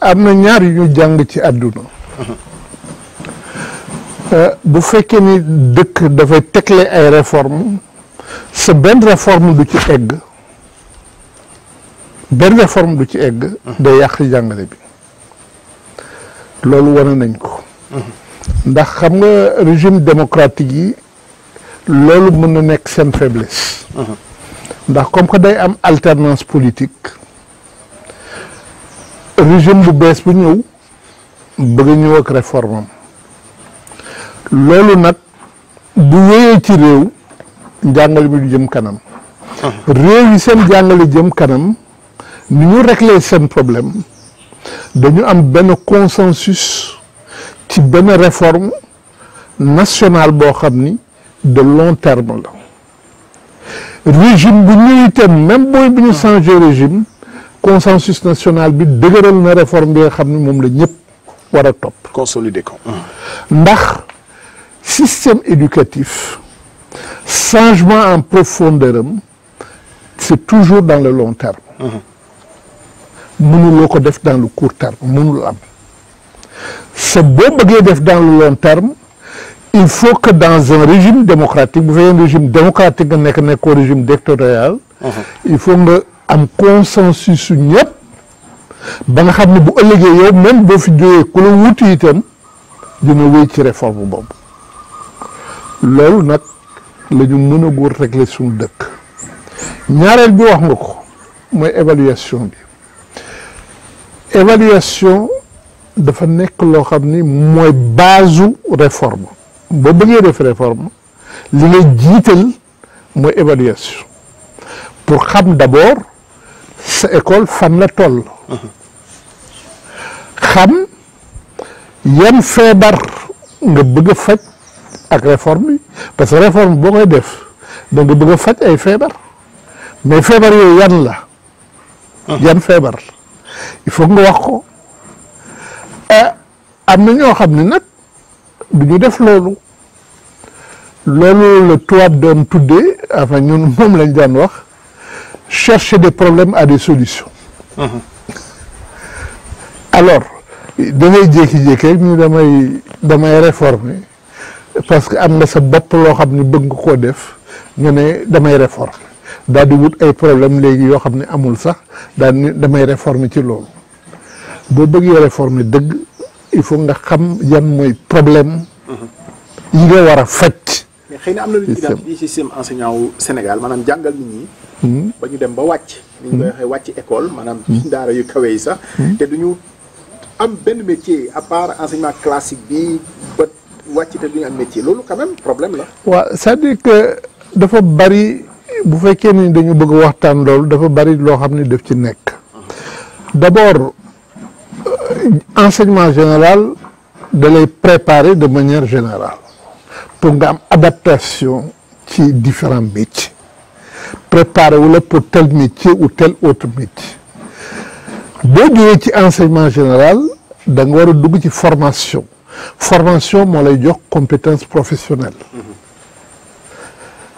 am na ñaar yu ñu jàng ci àdduna. Mhm. Euh, bu fekkee ni dëkk dafay tegle ay réforme sa benn réforme du ci egg benn réforme du ci egg day yàq jàngale bi loolu wane nañ ko ndax xam nga régime démocratique yi loolu mën na nekk seen faiblesse ndax comme que day am alternance politique régime bu bees bu ñëw bëgg ñëw ak réforme am loolu nag bu wéyee ci réew njàngale bi du jëm kanam réew yi seen jàngale jëm kanam ni ñu régler seen problème dañu am benn consensus ci benn réforme nationale boo xam ni de long terme la régime bu ñuy itam même booy bu ñu changé régime consensus national bi dëgëral na réforme bi nga xam ni moom la ñëpp war a topp consolider ko ndax système éducatif changement en profondeur am c'est toujours dans le long terme uh-huh. mënuloo ko def dans le court terme mënul am sa boo bëggee def dans le long terme il faut que dans un régime démocratique bu nga nekk nekkoo régime dictatorial uh-huh. il faut nga am consensus su ba nga xam ne bu ëllëgee yow même boo fi jógee ku la wuti itam dina wéy réforme boobu loolu nag la ñu mën a góor suñu dëkk ñaareel bi wax nga ko mooy évaluation bi évaluation dafa nekk loo xam ni mooy baasu réforme boo bëggee def réforme li ngay jiital mooy évaluation pour xam d'abord sa école fan la toll xam yan feebar nga bëgg faj ak réforme bi parce que réforme boo koy def da nga faj ay feebar mais feebar yooyu yan la. Ah. yan feebar il faut nga wax ko eh, am na ñoo xam ne nag du ñu def loolu loolu la tubaab doon tuddee enfin ñun moom lañ daan wax cherche de problème à des solutions. Ah. alors da ngay jékki-jékki damay damay parce que am na sa bopp loo xam ne bëgg nga koo def nga ne damay réforme daal wut ay problème léegi yoo xam ne amul sax daal damay réforme ci loolu boo bëggee réforme dëgg il faut nga xam yan mooy problème yi nga war a faj. mais xëy na am na lu ñu ci def ci système enseignant wu Sénégal maanaam jàngal nit ñi. Hmm. ba ñu dem ba wàcc. ni ñu hmm. koy waxee wàcc école maanaam. Hmm. daara yu kawe yi sax. te du ñu am benn métier à part enseignement classique bi wàcc te duñu am loolu quand problème la. waaw cest à que dafa bari bu fekkee ni dañu bëgg waxtaan loolu dafa bari loo xam ni daf ci nekk d'abord euh, enseignement général da lay préparer de manière général pour nga am adaptation ci différent métiers préparer wala pour tel métier ou tel autre métier boo jógee ci enseignement général da war a dugg ci formation. formation moo lay jox compétence professionnelle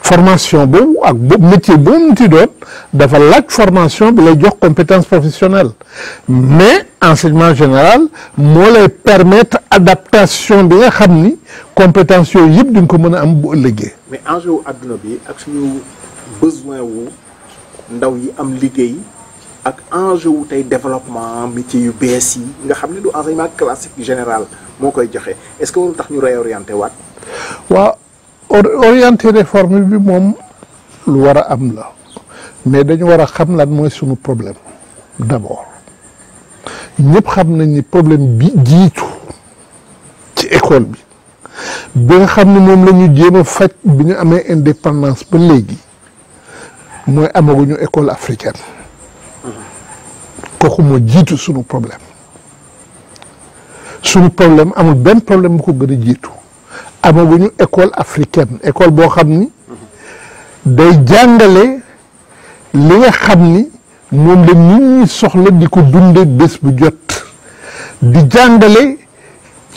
formation boobu ak boobu métier bu mu ti doon dafa laaj formation bi lay jox compétence professionnelle mais enseignement général moo lay permettre adaptation bi nga xam ni compétence yooyu yëpp di nga ko mën a am bu ëllëgee. mais enjeu wu adduna bi ak suñu besoin wu ndaw yi am liggéey. ak enjeu wu tey développement métier yu bees yi nga xam ne du enseignement classique général moo koy joxe est-ce que warul tax ñu réorienté waat. waaw orienté réforme bi moom lu war a am la mais dañu war a xam lan mooy suñu problème d'abord ñëpp xam nañ ni problème bi jiitu ci école bi bi nga xam ne moom la ñu jéem a faj bi ñu amee indépendance ba léegi mooy amaguñu école africaine. kooku moo jiitu sunu problème sunu problème amul benn problème bu ko gën a jiitu amaguñu école africaine école boo xam ni day jàngale li nga xam ni moom la nit bu jot jàngale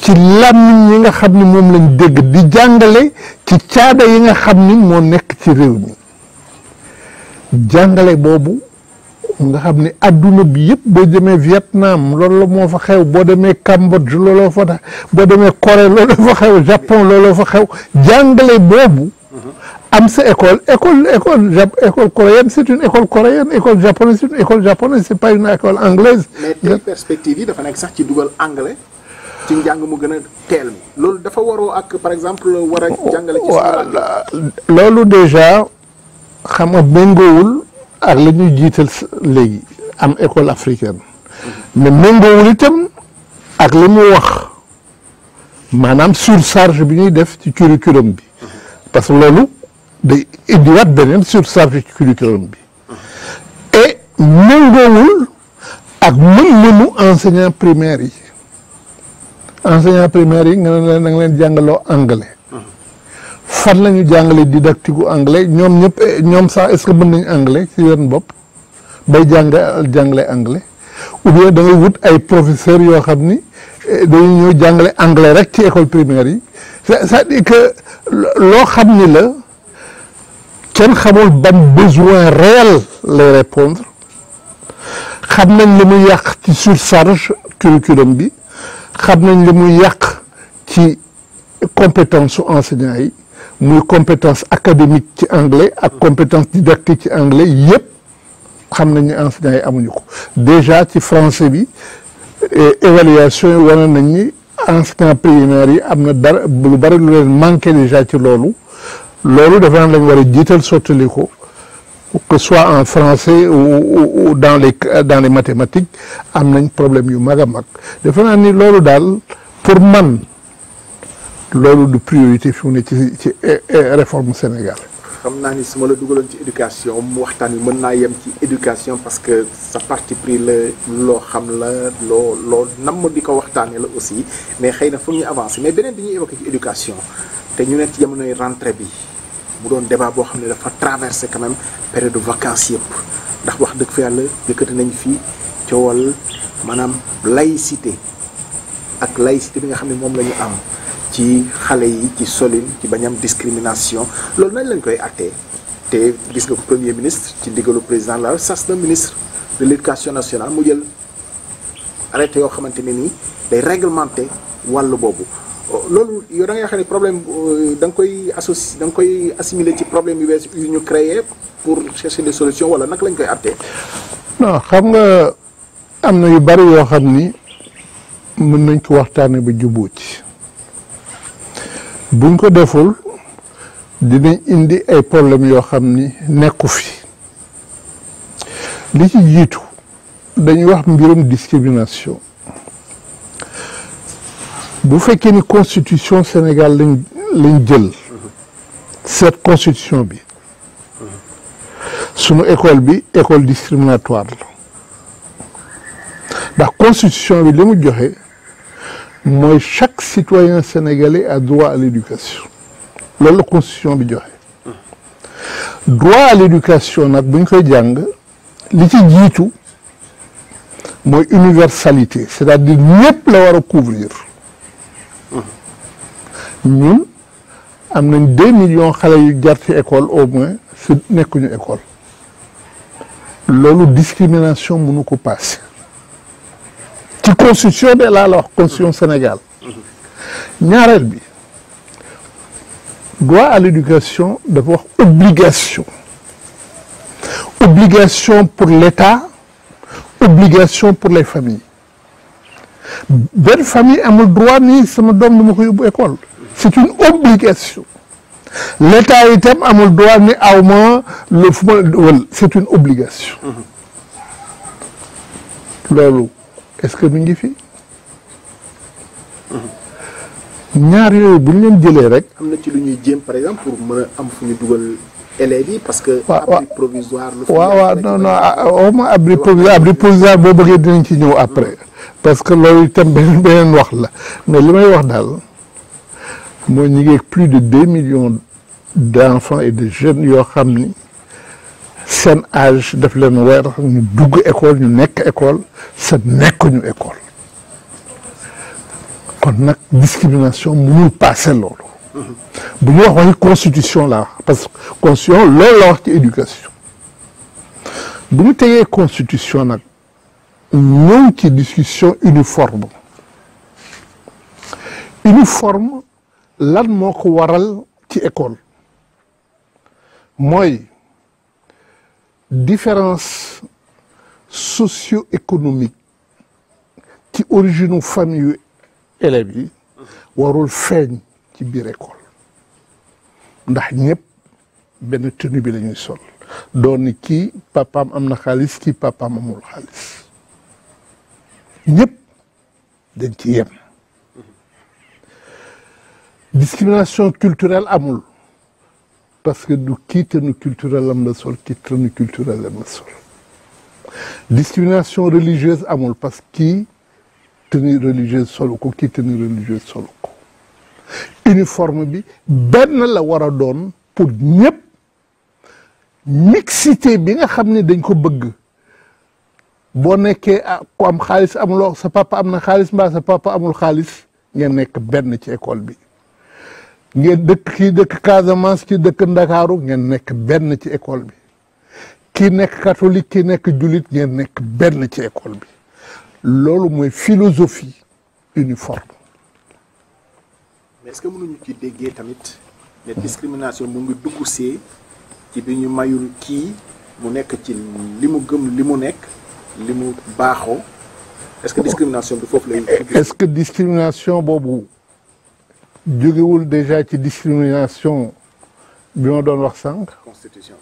ci làmmiñ yi nga xam ni moom lañ dégg di jàngale ci caada yi nga xam ni moo nekk ci réew mi jàngale boobu mu nga xam ne adduna bi yëpp boo demee Vietnam loolu la moo fa xew boo demee Cambodge looloo fa tax boo demee Corée looloo fa xew Japon fa xew jàngale boobu sa école école école ja école coréenne c' école coréenne école japonaise école japonaise c' est pas une école anglaise. mais tey yi dafa nekk sax ci dugal anglais. ci njàng mu gën a teel loolu dafa waroo ak par exemple war jàngale. ci loolu déjà xam nga méngoowul ak la ñuy jiital léegi am école africaine mais méngoowul itam ak la mu wax maanaam surcharge bi ñuy def ci curriculum bi parce que loolu day indiwaat beneen surcharge ci curriculum bi et méngoowul ak mën-mënu enseignant primaire yi enseignant primaire yi nga ne leen da nga leen jàngaloo anglais fan la jàngale didactique u anglais ñoom ñëpp ñoom sax est mën nañ anglais ci seen bopp bay jàng jàngale anglais ou bien da wut ay professeurs yoo xam ni eh, dañuy ñëw jàngale anglais rek ci école primaire yi cest loo xam ni la kenn xamul ban besoin réel lay répondre xam nañ li yàq ci surcharge curriculum bi xam nañ li mu yàq ci compétence su enseignant yi muy compétence académique ci anglais ak compétence didactique ci anglais yëpp xam nañu enseignants yi amuñu ko déjà ci français bi eh, évaluation yi wane nañ ni enseignants primaires yi am na dara lu bari lu leen manqué déjà ci loolu loolu defe naa lañ war a jiital sottali ko que soit en français ou dans les dans les mathématiques am nañ problème yu mag a mag defe naa ni loolu daal pour man loolu du priorité fi mu ne ci ci réforme Sénégal. xam naa ni suma la dugaloon ci éducation mu waxtaan wi mën naa yem ci éducation parce que sa parti pris la loo xam la loo loo namm di ko waxtaanee la aussi mais xëy na foog ñu avancer mais beneen bi ñuy évoqué ci éducation te ñu ne ci jamonoy rentre bi mu doon débat boo xam ne dafa traversé quand même période de vacances yëpp ndax wax dëgg fi yàlla yëkkati nañ fi coowal maanaam laïcité ak laïcité bi nga xam ne moom la ñu am. ci xale yi ci solin ci bañam discrimination loolu nañ lañ koy attee te gis nga ko premier ministre ci ndigalu président la sas na ministre de l'éducation nationale mu jël arrêté yoo xamante ne nii day réglementé wàll boobu loolu yow da ngay xam ne problème euh, da nga koy associé danga koy assimilé ci problème yu bees yu ñu créé pour chercher des solutions wala naka lañ koy attee non xam nga am na yu bari yoo xam ni mën nañ ko waxtaane bu jubóo ci bu buñ ko deful dina indi ay problème yoo xam ni nekku fi li ci jiitu dañuy wax mbirum discrimination bu fekkee ni constitution Sénégal lañ lañ jël cette constitution bi sunu école bi école discriminatoire la ndax constitution bi li mu joxe mooy chaque citoyen sénégalais a droit à l'éducation loolu la constitution bi joxe droit à l'éducation nag bu ñu koy jàng li ci jiitu mooy universalité c'est-à-dire ñëpp la war a couvrir ñun am nañ deux millions xale yu jar école au moins su nekkuñu école loolu discrimination mënu ko passé ci constitution de la la wax constitution Sénégal ñaareel bi droit à l'éducation dafa obligation obligation pour l'État obligation pour les familles benn famille amul droit nii sama doom dama ko yóbbu école c'est une obligation l'État itam amul droit ni aw ma le c'est une obligation mmh. est-ce que mi ngi fi. ñaar yooyu bu ñu jëlee rek. am na ci lu ñuy jéem par exemple pour am fu ñu parce que. abri provisoire lu waaw waaw non non ah, abri provisoire boo bëggee dinañ ci ñëw après. Hmm. parce que loolu itam beneen beneen wax la mais li may wax daal moo ñu ngi plus de deux millions d'enfants et de jeunes yoo xam ni. seen age def leen weer ñu dugg école ñu nekk école sa nekkuñu école kon nag discrimination mënul passé loolu bu ñu wax waxi constitution la parce que constitution loolu la wax ci éducation bu ñu tegee constitution nag ñëw ci discussion uniforme uniforme lan moo ko waral ci école mooy différence socio-économique ci origine famille yu yi warul feeñ ci biir école ndax ñëpp benn tenue bi lañuy sol doon ni kii papaam am na xaalis kii papaam amul xaalis ñëpp dañ ci yem discrimination culturelle amul parce que du kiitanu culturel am la sol kiitanu culturel am la sol discrimination religieuse amul parce que kii tenue religieuse solu ko kii tenue religieuse solu ko uniforme bi benn la war a doon pour ñëpp mixité bi nga xam ne dañ ko bëgg boo nekkee ah, ku am xaalis amuloo sa papa am na xaalis mbaa sa papa amul xaalis ngeen nekk benn ci école bi ngeen dëkk kii dëkk Casamance ci dëkk Ndakaaru ngeen nekk benn ci école bi kii nekk catholique kii nekk jullit ngeen nekk benn ci école bi loolu mooy philosophie uniforme. mais est-ce que mënuñu ci déggee tamit ne discrimination mu ngi dugg see ci bi ñu mayul mu nekk ci li mu gëm li mu nekk li mu baaxoo est que discrimination bi foofu lay. est-ce que discrimination boobu. jógewul déjà ci discrimination bi ma doon wax sànq. constitution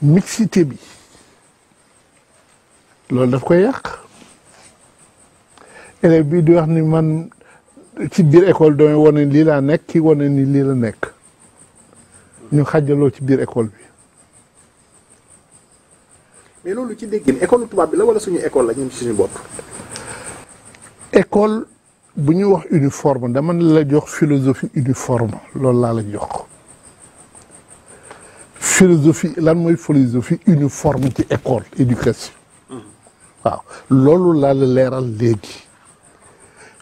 mixité bi loolu daf koy yàq élève bi di wax ni man ci biir école damay wane lii laa nekk ki wane ni lii la nekk ñu xàjjaloo ci biir école bi. mais loolu ci déggin école tubaab bi la wala suñu école la ñun ci suñu bopp. école. bu ñu wax uniforme dama ne la jox philosophie uniforme loolu laa la jox philosophie lan mooy philosophie uniforme ci école éducation waaw loolu laa la leeral léegi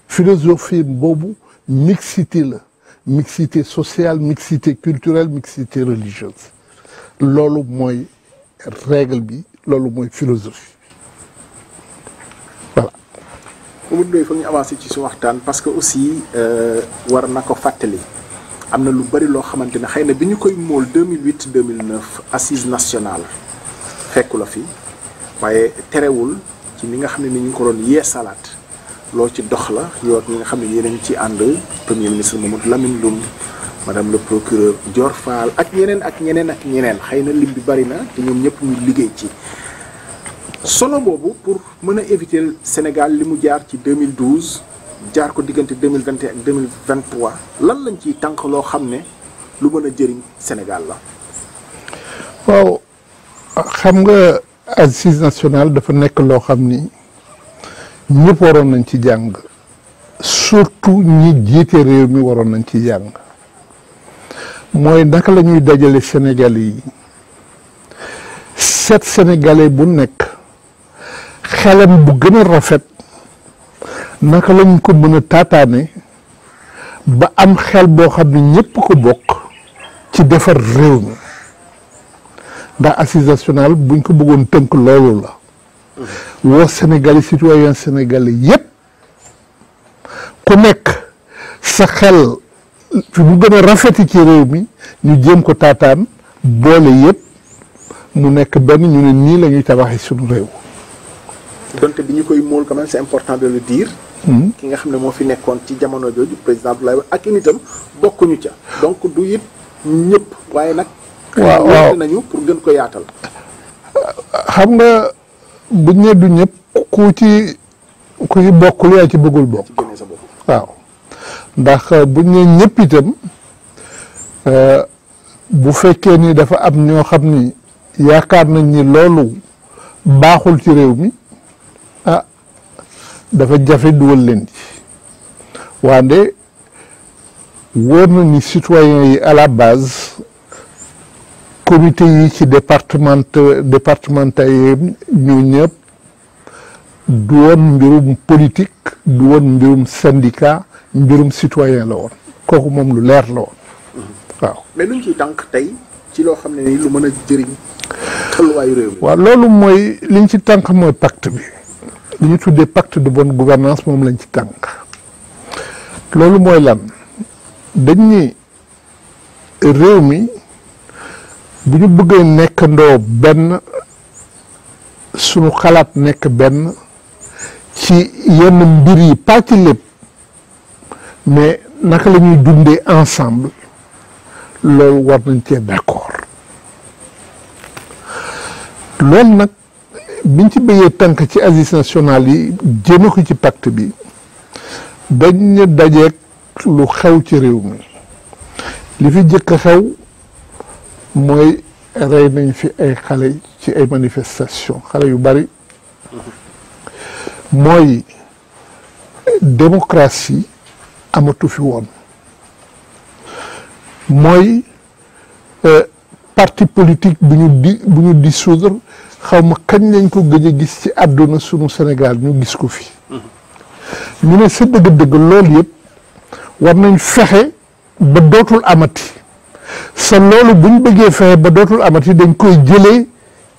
philosophie boobu mixité la mixité sociale mixité culturelle mixité religieuse loolu mooy règle bi loolu mooy philosophie Mamadou Ndoye foog ñu avancer ci su waxtaan parce que aussi euh, war na ko fàttali am na lu bari loo xamante ne xëy na bi ñu koy mool 2008 2009 assise nationale fekku la fi waaye terewul ci ni nga xam ne ni ñu ngi ko doon salaat loo ci dox la yoot ñi nga xam ne yeneen ci ànd premier ministre Mamadou Lamine Loum madame le procureur Dior Fall ak yeneen ak ñeneen ak ñeneen xëy na lim bi bari na te ñoom ñëpp ñu liggéey ci. solo boobu pour mën a éviter Sénégal li mu jaar ci 2012 jaar ko diggante 2021 ak 2023 lan lañ ciy tànk loo xam ne lu mën a jëriñ Sénégal la. waaw xam nga assise nationale dafa nekk loo xam ni ñëpp waroon nañ ci jàng surtout ñi jiite réew mi waroon nañ ci jàng mooy naka la ñuy dajale Sénégal yi set Sénégalais bu nekk. xelam bu gën a rafet naka lañ ko mën a taataane ba am xel boo xam ne ñëpp ko bokk ci defar réew mi ndax assise nationale buñ ko bëggoon tënk loolu la woo Sénégalais citoyen sénégalais yépp ku nekk sa xel fi mu gën a rafeti ci réew mi ñu jéem ko taataan boole yëpp mu nekk benn ñu ne nii la ñuy tabaxee suñu réew donte bi ñu koy mool quand important de le hmm. ki nga xam ne moo fi nekkoon ci jamono jooju président Abdoulaye Wade ak i nitam bokkuñu ca. donc du it waaye nag. waaw waaw nañu pour gën ko yaatal. xam nga buñ ne du ñëpp ku ci ku ci bokkul yaa ci bëggul bokk. waaw ndax euh, buñ ne ñëpp itam euh, bu fekkee ni dafa am ñoo xam ni yaakaar nañ ni loolu baaxul ci réew mi. dafa jafe dugal leen ci waande wóor na ni citoyen yi à la base comité yi ci département départemental yi ñoo ñëpp du woon mbirum politique du woon mbirum syndicat mbirum citoyen la woon kooku moom lu leer la woon waaw. mais luñ ciy tey ci loo xam ne nii lu mën a jëriñ. waaw loolu mooy liñ ci tànk mooy pacte bi. li ñu tuddee pacte de bonne gouvernance moom lañ ci tànk loolu mooy lan dañ ni réew mi bu ñu bëggee nekkandoo benn sunu xalaat nekk benn ci yenn mbir yi pas ci lépp mais naka la ñuy dundee ensemble loolu war nañ cee d'accord loolu nag biñ ci bëyee tànk ci assises nationales yi jéem ko ci pacte bi dañ ñu dajeeg lu xew ci réew mi li fi jëkk a xew mooy rey nañ fi ay xale ci ay manifestation xale yu bari mooy démocratie amatu fi woon mooy euh, parti politique bu ñu di bu ñu dissoudre xaw ma kañ lañ ko gëj gis ci àdduna sunu Sénégal ñu gis ko fi. ñu ne sa dëgg-dëgg loolu yëpp war nañ fexe ba dootul amati sa loolu buñ bëggee fexe ba dootul amati dañ koy jëlee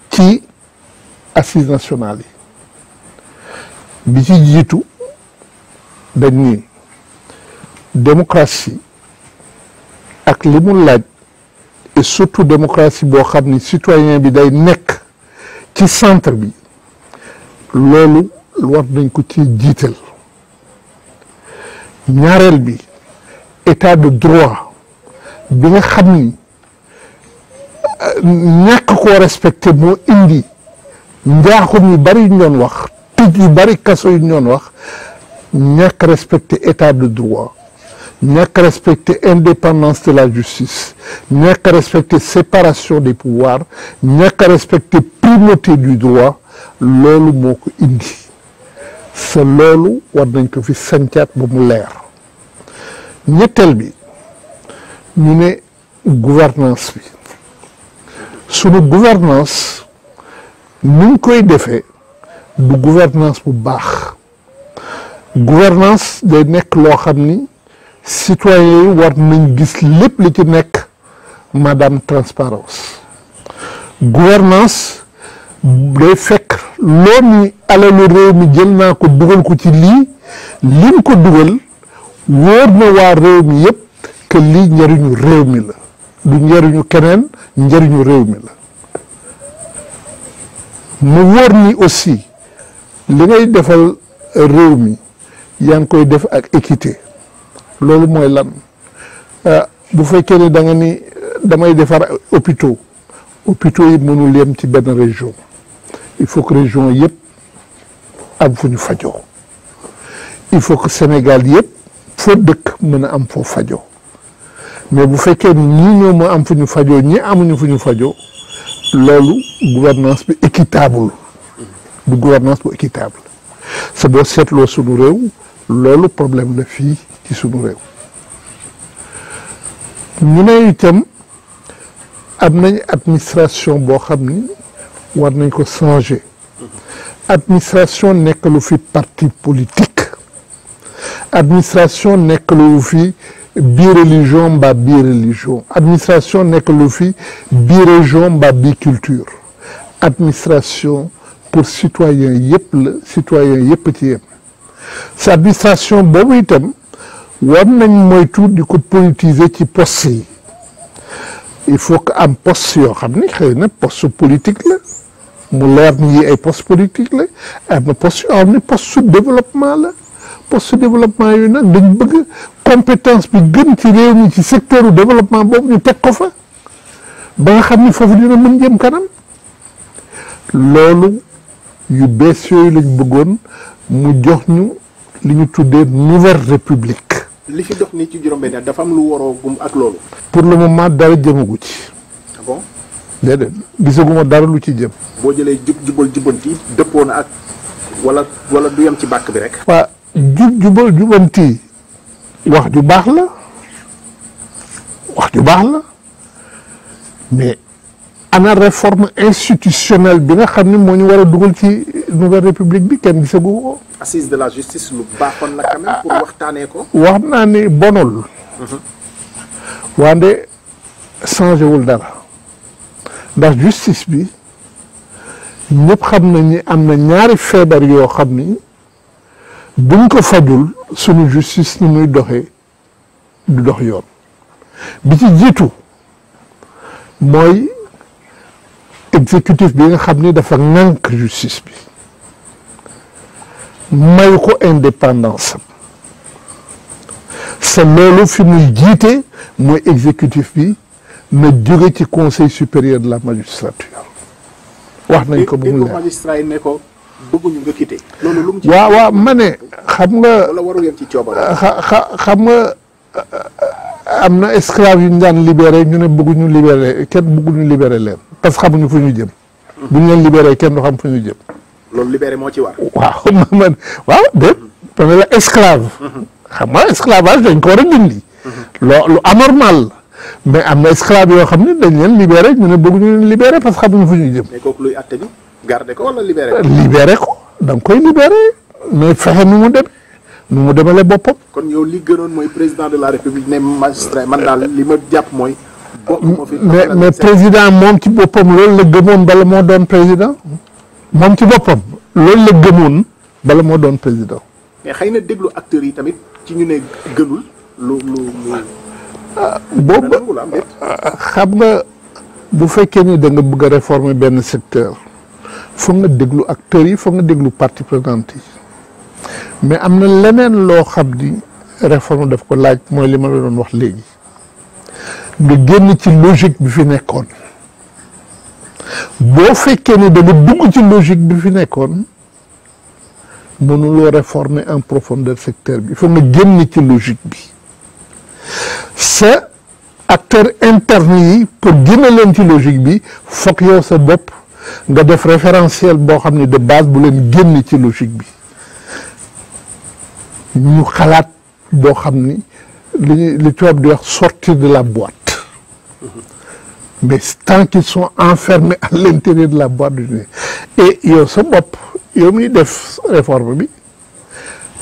ci assises nationales yi bi ci jiitu dañ ni démocratie ak li mu laaj et surtout démocratie boo xam ni citoyen bi day nekk. ci centre bi loolu war nañ ko ci jiital ñaareel bi état de droit bi nga xam ni euh, ñekk ko respecté moo indi njaaxum yu bari ñu doon wax tëj yu bari kaso yu ñu wax ñekk respecté état de droit ñàkk respecter indépendance de la justice ñàkk respecter séparation des pouvoirs ñàkk respecter primauté du droit loolu moo war nañ ko fi sancaat ba mu leer ñetteel bi ñu ne gouvernance bi sunu gouvernance nuñ koy defee du gouvernance bu baax gouvernance day nekk loo xam ni citoyens yi war nañ gis lépp li ci nekk madame transparence gouvernance day fekk loo ni alalu réew mi jël naa ko dugal ko ci lii lim ko dugal wóor na waa réew mi yépp que lii njariñu réew mi la du njariñu keneen njariñu réew mi la mu wóor ni aussi li ngay defal réew mi yaa ngi koy def ak équité loolu mooy lan euh, bu fekkee ni da nga ni damay defar hôpitaux hôpitaux yi mënul yem ci benn région il faut que région yëpp am fu ñu fajoo il faut que Sénégal yëpp foo dëkk mën a am foo fajoo mais bu fekkee ni ñii ñoo am fu ñu fajoo ñi amuñu fu ñu fajoo loolu gouvernance bi équitable du gouvernance bu équitable sa boo seetloo sunu réew loolu problème la fii ci sunu réew ñu ne itam am nañ administration boo xam ni war nañ ko sange administration nekk lu fi parti politique administration nekk lu fi bi religion mbaa bi religion administration nekk lu fi bi région mbaa bi culture administration pour citoyen yëpp la citoyen yëpp ci administration boobu itam war nañ moytu di ko politiser ci poste yi il faut que am poste yoo xam ni xëy na poste politique la mu leer ni ay poste politique la am na poste yoo xam ne développement la poste développement yooyu nag dañ bëgg compétence bi gën ci réew ci secteur développement boobu ñu teg ko fa ba nga xam ni foofu dina mën jëm kanam loolu yu bees yooyu lañ bëggoon mu jox ñu li ñu tuddee nouvelle république. li fi dox nii ci juróom-benn dafa am lu waroo gum ak loolu. pour le moment dara jëmagu ci. ah bon. déedéet gisaguma dara lu ci jëm. boo jëlee jub jubal jubanti dëppoo na ak walla wala du yem ci bàkk bi rek. waa jub jubal jubanti wax ju baax la wax ju baax la ana réforme institutionnelle bi nga xam ni moo ñu war a dugal ci nouvelle république bi kenn gisagu ko. de la justice lu baaxoon la quand ko. wax naa ni bonul. wande changé wul dara ndax justice bi ñëpp xam nañ ni am na ñaari feebar yoo xam ni buñ ko fajul sunu justice ni muy doxe du dox yoon bi ci jiitu mooy. exécutif bi nga xam ni dafa ŋànk justice bi may ko indépendance sa loolu fi muy jiite mooy exécutif bi na jóge ci conseil supérieur de la magistrature nañ ko ba mu ne ko waaw waaw ma ne xam nga wala waru euh, xam nga euh, euh, am na esclave yu ñu daan libéré ñu ne bëgguñu libéré kenn bëgguñu libéré leen parce xamuñu fu ñu jëm. bu ñu leen libéré kenn du xam fu ñu jëm. loolu libéré moo ci war. waaw man waaw déet. dana la esclave. xam nga esclavage dañ ko war a dindi. Mhm. loo lu anormal la. mais am na esclave yoo xam ne dañ leen libéré ñu ne bëgguñu leen libéré parce que xamuñu fu ñu jëm. mais kooku luy atte bi garder ko wala libéré ko. koy libéré mais fexe nu mu dem nu mu demalee boppam. kon yow lii gënoon mooy président de la république ne magistrat man daal li ma jàpp mooy. Ah, mais mais président moom ci boppam loolu la gëmoon bala moo doon président moom ci boppam loolu la gëmoon bala moo doon président. mais xëy na déglu acteurs yi tamit ci ñu ne gënul ah, xam nga bu fekkee ni da nga bëgg a réformer benn secteur foog nga déglu acteurs yi foog nga déglu partie prenante yi mais am na leneen loo xam ni réforme daf ko laaj mooy li ma la doon wax léegi. nga génn ci logique bi fi nekkoon boo fekkee ne da nga dugg ci logique bi fi nekkoon mënuloo réformer en profondeur secteur bi il faut nga génn ci logique bi sa acteurs internes yi leen ci logique bi foog yow sa bopp nga def référentiel boo xam ne de base bu leen génn ci logique bi ñu xalaat boo xam ni li li tubaab di wax sortir de la boîte mais tant qu'ils sont enfermés à l'intérieur de la boîte du nez et yow sa bopp yow miy def réforme bi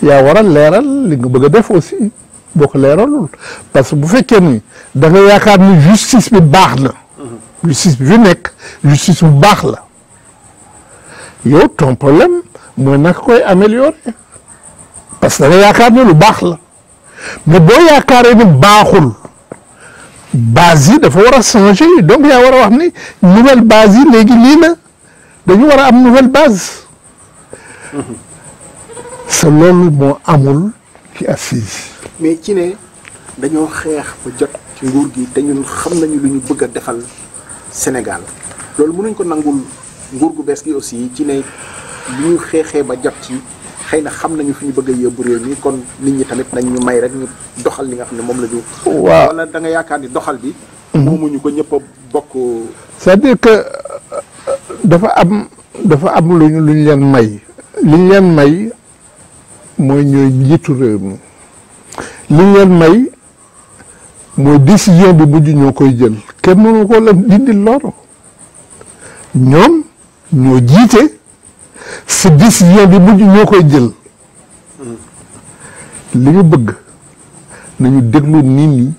yaa war a leeral li nga bëgg a def aussi boo ko leeralul parce que bu fekkee ni da yaakaar ni justice bi baax na justice bi fi nekk justice bu baax la yow ton problème mooy naka koy améliorer parce que da yaakaar ni lu baax la mais boo yaakaaree ni baaxul base yi dafa war a changé donc yaa war a wax ni nouvelle base yi léegi lii la dañu war a am nouvelle base sa loolu moo amul ci assise mais ci ne dañoo xeex ba jot ci nguur gi te ñun xam nañu lu ñu bëgg a defal Sénégal loolu mu mënuñ ko nangul nguur gu bees gi aussi ci ne lu ñu xeexee ba jot ci xëy na xam nañu fi ñu bëgg a yóbbu réew mi kon nit ñi tamit nañ ñu may rek ñu doxal li nga xam ne moom la ñu. waaw wala nga yaakaar ni doxal bi. moomuñu ko ñëpp a bokk. c'est-à-dire que euh, dafa am dafa am luñ luñ leen may. liñ leen may mooy ñooy njiitu réew mi liñ leen may mooy décision bi mujj ñoo koy jël kenn mënu koo la dindi loolu ñoom ñoo jiite. sa décision bi mujj ñoo koy jël li ñu bëgg nañu déglu nit ñi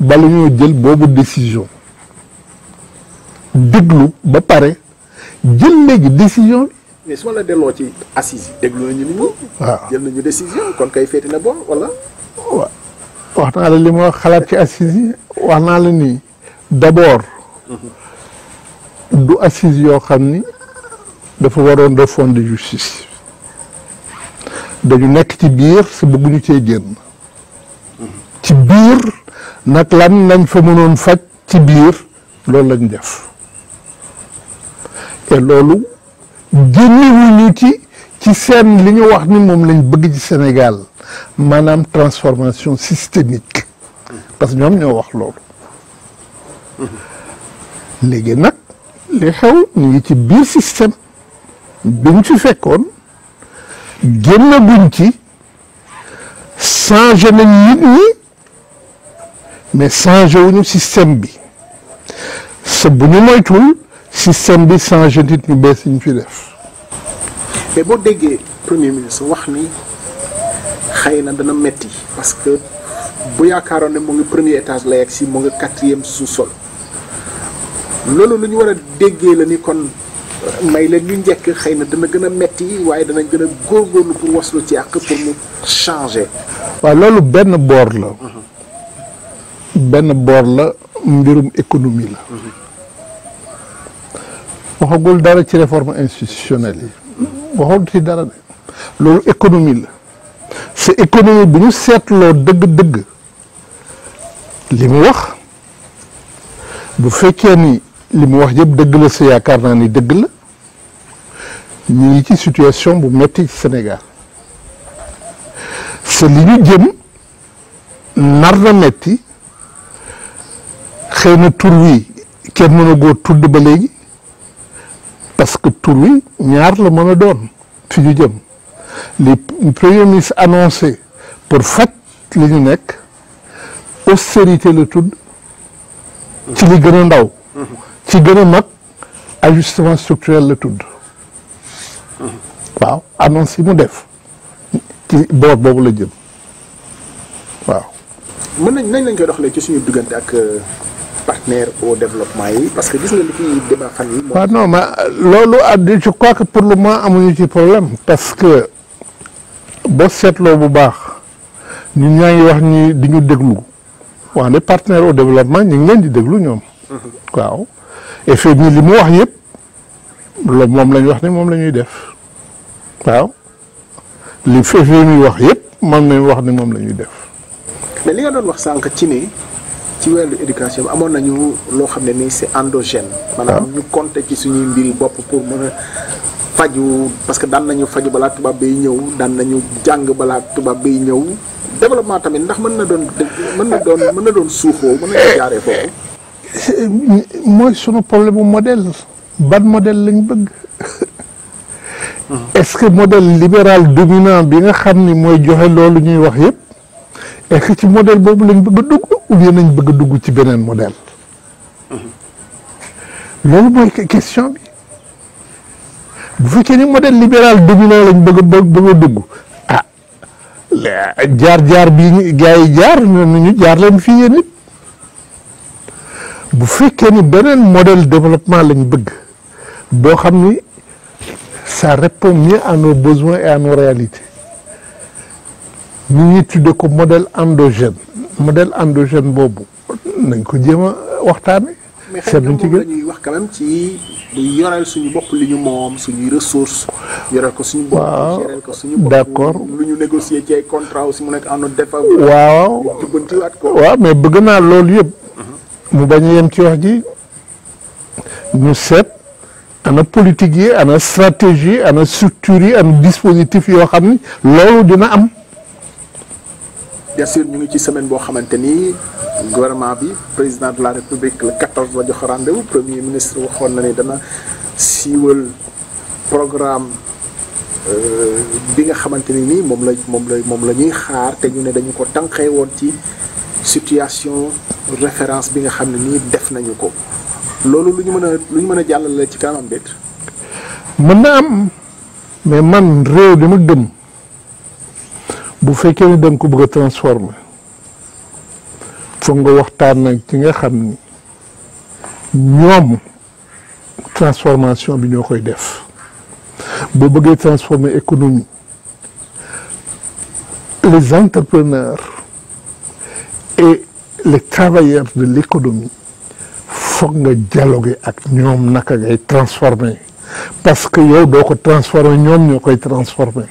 bala ñoo jël boobu décision déglu ba pare jël léegi décision bi. mais delloo ci assise yi déglu nañu nit ñi. waaw wax naa la li ma xalaat ci assis yi wax naa la ni d'abord. Mhm. du assise yoo xam ni. dafa waroon réforme de justice dañu nekk ci biir si bëgguñu cee génn ci biir nag lan nañ fa mënoon faj ci biir loolu lañ def te loolu génnewuñu ci ci seen li ñu wax ni moom lañ bëgg ci Sénégal maanaam transformation systémique parce que ñoom ñoo wax loolu léegi nag li xew ñu ngi biir système biñ ci fekkoon génn guñ ci changé nañ nit ñi mais changé wuñu système bi sa bu ñu moytuwul système bi changé nit ñu bees ñu fi def. mais boo déggee premier ministre wax ni xëy na dana metti parce que bu yaakaaroon ne mu ngi premier étage la yegg si mu ngi quatrième su sol loolu lu ñu war a déggee la ni kon. may leen ñu xëy na dana gën a metti waaye dana gën a góorgóorlu pour waslu ci àq pour mu changer. waaw loolu benn boor la. Mhm. benn boor la mbirum économie la. Mhm. waxagul dara ci réforme institutionnelle yi. waxagul ci dara de loolu économie la. c'est économie bu ñu seetloo dëgg-dëgg. li mu wax bu fekkee ni. li mu wax yëpp dëgg la sa yaakaar naa ni dëgg la ñu ngi ci situation bu metti ci Sénégal sa li ñu jëm nar na metti xëy na tur wi kenn mën a tudd ba léegi parce que tur wi ñaar la mën a doon fi ñu jëm li premier ministre annoncé pour faj li ñu nekk austérité la tudd ci li gën a ndaw ci gën a mag ajustement structurel la tudd waaw annonce yi mu def ci boor boobu la jëm waaw. mën nañ nañ lañ koy doxalee ci suñu diggante ak euh, partenaire au développement yi parce que gis nga li fi débat fan yi. waaw euh, loolu addi ah, je crois que pour le moment amuñu ci problème parce que boo seetloo bu baax ñun ñaa ngi wax ni di ñu déglu waaw les partenaires au développement ñu ngi leen di déglu ñoom mm-hmm. waaw. et fekk li mu wax yëpp loolu moom la ñu wax ni moom lañuy def waaw li fekk ñuy wax yëpp moom la wax ni moom la ñuy def. mais li nga doon wax sànq ci ni ci wàllu éducation amoon nañu loo xam ne nii c'est endogène. Ah. maanaam ñu compter ci suñuy mbiri bopp mën a parce que daan nañu faju balaa tubaab bay ñëw daan nañu jàng balaa tubaab bay ñëw développement tamit ndax mën na doon mën na doon mën na doon suuxoo jaaree foofu. mooy sunu problème mu modèle ban modèle lañ bëgg. est-ce que modèle liberal dominant bi nga xam ni mooy joxe loolu ñuy wax yëpp est que ci model boobu lañ bëgg dugg ou nañ bëgg dugg ci beneen modèle. loolu mooy question bi bu fekkee ni modèle libéral dominant lañ bëgg bëgg a dugg ah jaar jaar bii gars yi jaar nañu jaar leen fii yéen it bu fekkee ni beneen model développement lañ bëgg boo xam ni ça répond mieux à nos besoins et à nos réalités ñu ñuy ko modèle endogène modèle endogène boobu nañ ko jéem a waxtaane seet nañ ci gën ñuy wax quand ci du yoreel suñu li ñu moom suñuy ressources. ko suñu bopp yoreel ko suñu bopp. d'accord lu ñu négocier ci ay contrat aussi mu nekk en notre défaveur. waaw ko waaw mais bëgg naa loolu yëpp. mu bañ a yem ci wax ji ñu seet na politique yi ana stratégie na structure yi ana dispositif yoo xam ni loolu dina am. bien sûr ñu ngi ci semaine boo xamante ni gouvernement bi président de la république le 14 la jox rendez-vous premier ministre waxoon na ni dana siiwal programme. Euh, bi nga xamante ni nii moom la moom la moom la ñuy xaar te ñu ne dañu ko tànqee woon ci situation référence bi nga xam ne nii def nañu ko loolu lu ñu mën a lu ñu mën a jàllale ci kanam déet. mën na am mais man réew li ma gëm bu fekkee ni da ko bëgg a transformer foog nga waxtaan nag ci nga xam ni ñoom transformation bi ñoo koy def. boo bëggee transformer économie les entrepreneurs et les travailleurs de l'économie foog nga dialoguer ak ñoom naka ngay transformer parce que yow doo ko transformer ñoom ñoo koy transformer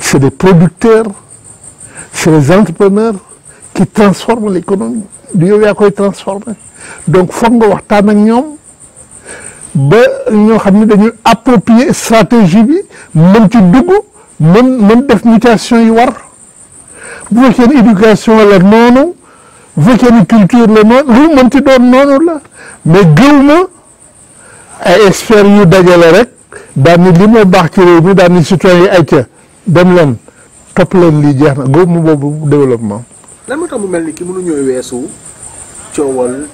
c'est des producteurs c'est des entrepreneurs qui transforment l'économie du yow yaa koy transformer donc foog nga waxtaan ak ñoom ba ñoo xam ne dañuy approprier stratégie bi mën ci dugg mën mën def mutation yi war bu fekkee ne éducation la noonu bu fekkee ne culture la noonu lu mën ci doon noonu la mais gëw ma ay experts yu dajale rek daan ni li moo baax ci réew mi daan ni citoyen yi ay ca dem leen topp leen lii jeex na gëw ma boobu développement. lan moo tax mu mel ni ki mënuñoo weesu. coowal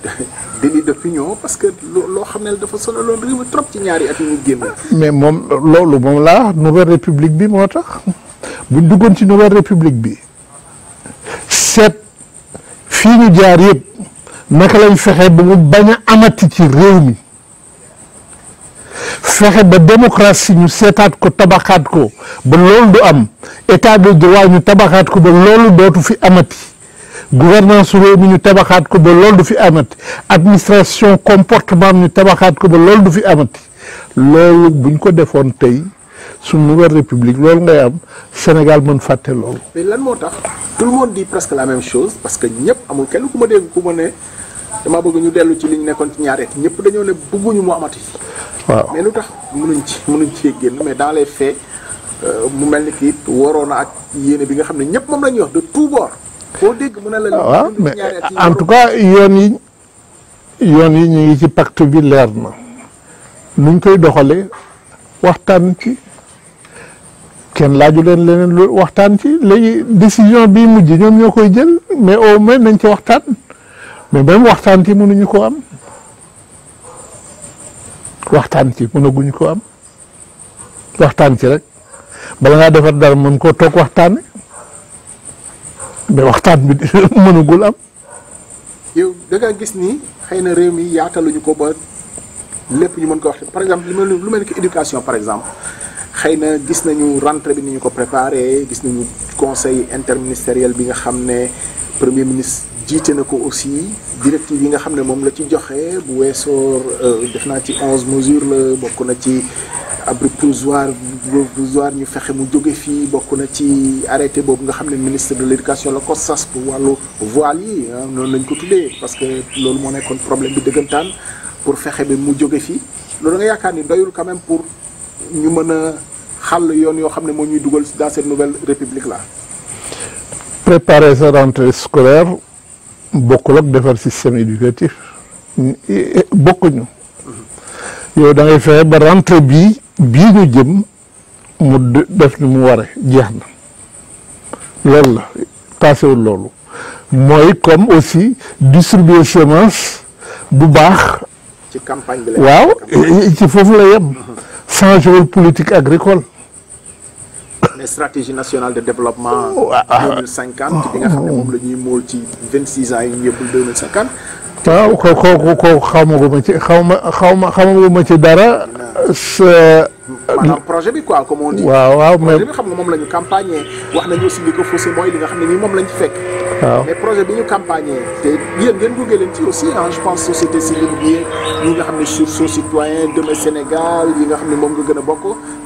délit d'opinion parce que loo xam ne dafa solo loolu réew mi trop ci ñaari at ñu génn. mais moom loolu moom laa wax nouvelle république bi moo tax buñ duggoon ci nouvelle république bi seet fii ñu jaar yëpp naka lañ fexe ba mu bañ a amati ci réew mi fexe ba démocratie ñu seetaat ko tabaxaat ko ba loolu du am état de droit ñu tabaxaat ko ba loolu dootu fi amati. gouvernance réew mi ñu tabaxaat ko ba loolu du fi amati administration comportement ñu tabaxaat ko ba loolu du fi amati loolu buñ ko defoon tey suñu nouvelle république loolu ngay am Sénégal mën fàtte loolu. mais lan moo tax tout le di dit presque la même chose parce que ñëpp amul kenn ku ma dégg ku ma ne dama bëgg ñu dellu ci li ñu nekkoon ci ñaareel ñëpp dañoo ne bëgguñu mu amati. waaw mais lu tax mënuñ ci mënuñ ci génn mais dans les faits euh, mu mel ni kii waroon na ak yéene bi nga xam ne ñëpp moom la ñuy wax de tout bord. koo dégg mu ne la waaw ah, mais en tout cas yoon yi yoon yi ñu ngi ci pacte bi leer na nuñ koy doxalee waxtaan ci kenn laaju leen leneen waxtaan ci léegi décision bi mujj ñoom ñoo koy jël mais au moins nañ ci waxtaan mais même waxtaan ci mënuñu ko am waxtaan ci mënaguñu ko am waxtaan ci rek bala ngaa defar dara mën koo toog waxtaane mais waxtaan bi mënagul am. yow da gis ni xëy na réew mi yaataluñu ko ba lépp ñu mën ko wax par exemple lu mel lu mel ni éducation par exemple xëy na gis nañu rentrée bi ni ko préparé gis nañu conseil interministériel bi nga xam ne premier ministre. jiite na ko aussi directive yi nga xam ne moom la ci joxe bu weesoo euh, def naa ci onze mesures la bokk na ci abri provisoire provisoire ñu fexe mu jóge fii bokk na ci arrêté boobu nga xam ne ministre de l'éducation la ko sas pour wàllu ah, noonu lañ ko tuddee parce que loolu moo nekkoon problème bi dëggantaan pour fexe bi mu jóge fii loolu nga yaakaar ni doyul quand pour ñu mën a xàll yoon yoo xam ne moo ñuy dugal dans cette nouvelle république là bokkul ak defar système éducatif bokkuñu yow da ngay fexe ba rentrée bii bii ñu jëm mu def ni mu ware jeex na loolu la paasewul loolu mooy comme aussi distribuer semence bu baax. ci campagne bi waaw ci foofu la yem. changé wul politique agricole. ne stratégie nationale de développement. Oh, ah, ah. deux mille cinquante bi xam ne moom la ñuy móol ci vingt six ans yi ñu yëppul deux mille cinquante. waaw ko ko ko xamaguma ci xawma xawma xamaguma ci dara. maanaam projet bi quoi comme on waaw waaw mais xam nga moom la ñu campagner wax nañu si li ko faussé mooy li nga xam ne nii moom la fekk. waaw mais projet bi ñu campagner te yéen ci aussi ah je pense société civile bi ñi nga xam ne Sursaut Citoyen Demain Sénégal yi nga xam ne moom nga gën a bokk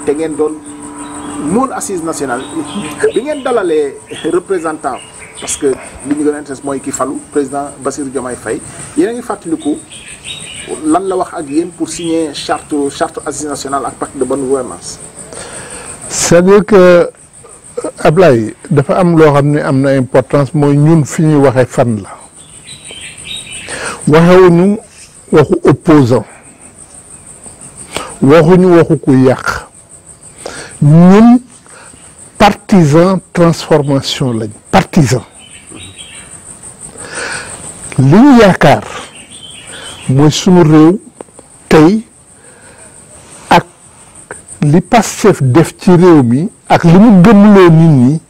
te ngeen doon. moon assise nationale bi ngeen dalalee représentant parce que li ñu gën a intéresse mooy kii falu président Bassirou Diomaye Faye yéen a ngi fàttaliku lan la wax ak yéen pour signer charte charte assise nationale ak parce de bonne gouvernance c'est-à-dire que Ablaye dafa am loo xam ne am na importance mooy ñun fi ñuy waxe fan la waxewuñu waxu opposant waxuñu waxu ku yàq ñun partisan transformation lañ partisan li ñu yaakaar mooy sunu réew tey ak li Pastef def ci réew mi ak li mu gëmloo nit ñi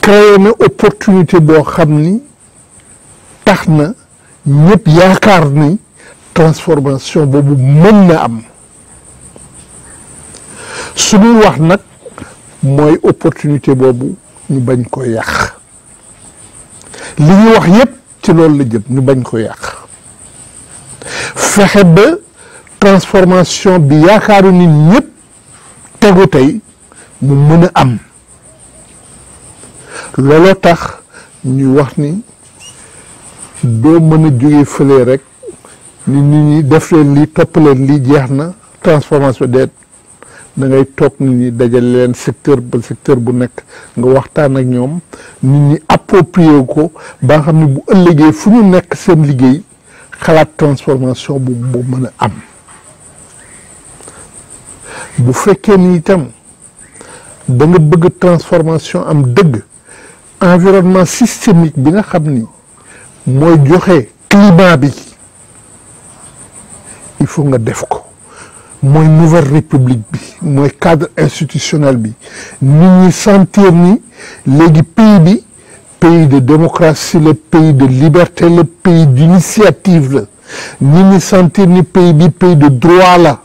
créé opportunité boo xam ni tax na ñëpp yaakaar ni transformation boobu mën na am suñuy wax nag mooy opportunité boobu ñu bañ ko yàq li ñu wax yépp ci loolu la jëm ñu bañ ko yàq fexe ba transformation bi yaakaaru nit ñépp tegu tey mu mën a am looloo tax ñu wax ni doo mën a jóge fële rek ni nit ñi def leen lii topp leen lii jeex na transformation des da ngay toog nit ñi dajale leen secteur ba secteur bu nekk nga waxtaan ak ñoom nit ñi approprié ko ba nga xam ne bu ëllëgee fu ñu nekk seen liggéey xalaat transformation bu mën a am bu fekkee ni itam da nga bëgg transformation am dëgg environnement systémique bi nga xam ni mooy joxe climat bi il faut nga def ko mooy nouvelle république bi mooy cadre institutionnel bi nit ñi sentir ni léegi pays bi pays de démocratie le pays de liberté le pays d'initiative la nit ñi sentir ni pays bi pays de droit la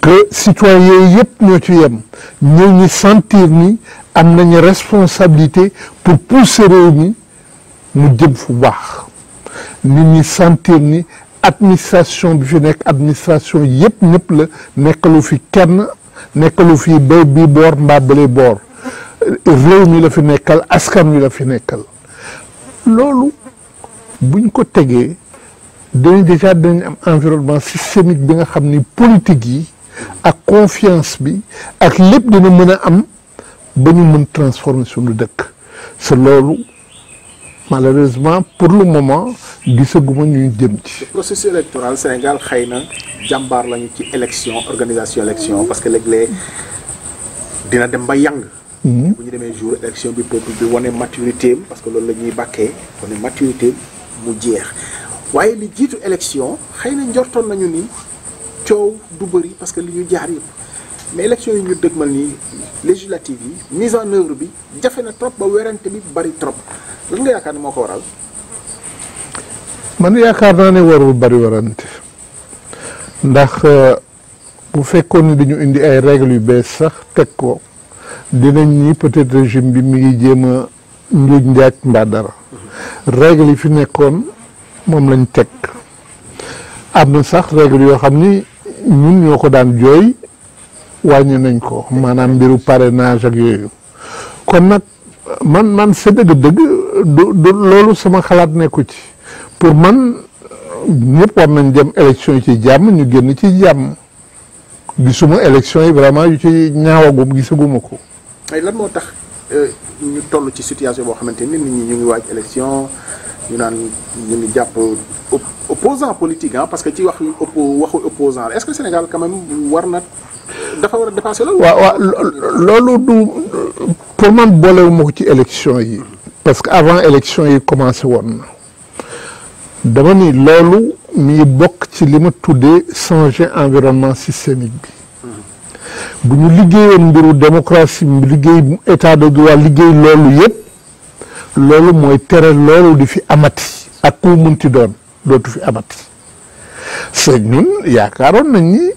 que citoyens yooyu yëpp ñoo ci yem ñoo ñi sentir ni am nañu responsabilité pour pousser réew mi mu jëm fu baax nit ñi sentir ni administration bi fi nekk administration yëpp ñëpp la nekkalu fi kenn nekkalu fi bay bii boor mbaa bële boor réew mi la fi nekkal askan wi la fi nekkal loolu buñ ko tegee dañ déjà dañ am environnement systémique bi nga xam ni politique yi ak confiance bi ak lépp dina mën a am ba ñu mën transformer suñu dëkk sa loolu malheureusement pour le moment gisaguma ñuy jëm ci. processus électoral Sénégal xëy na jàmbaar lañu ci élection organisation élection parce que léeg-léeg dina dem ba yàng. Mhm. bu ñu demee jour élection bi peuple bi wane maturité parce que loolu la ñuy bàkkee wane maturité mu jeex waaye li jiitu élection xëy na njortoon nañu ni coow du bëri parce que li ñu jaar yëpp. mais élection yi ñu dëgmal nii législative yi mise en œuvre bi jafe na trop ba werante bi bari trop lan yaakaar naa ne warul bari werante ndax euh, bu fekkoon ne dañu indi ay règles yu bees sax teg ko dinañ ni peut-être bi mu ngi jéem a njuuj njaaj mbaa dara règles yi fi nekkoon moom lañ teg am na sax règles yoo xam ni ñun ñoo ko daan jooy. wàññi nañ ko maanaam mbiru parrainage ak yooyu kon nag man man sa dëgg-dëgg du loolu sama xalaat nekku ci pour man ñëpp war nañ dem élection yi ci jàmm ñu génn ci jàmm gisuma élection yi vraiment yu ci ñaawagum gisaguma ko. ay lan moo tax euh, ñu toll ci situation boo xamante ni nit ñu ngi waaj élection ñu naan ñu ngi jàpp opposant politique ah, parce que ci wax waxu opposant la est-ce que Sénégal quand même war na dafa war waaw waaw loolu du pour man boolewuma ko ci élection yi. parce que avant élection yi commencé woon na dama ni loolu mi bokk ci li ma tuddee changer environnement systémique bi bu ñu liggéeyoon mbiru démocratie liggéey état de droit liggéey loolu yëpp loolu mooy tere loolu di fi amati ak ku munti doon dootu fi amati. sëñ ñun yaakaaroon nañ ni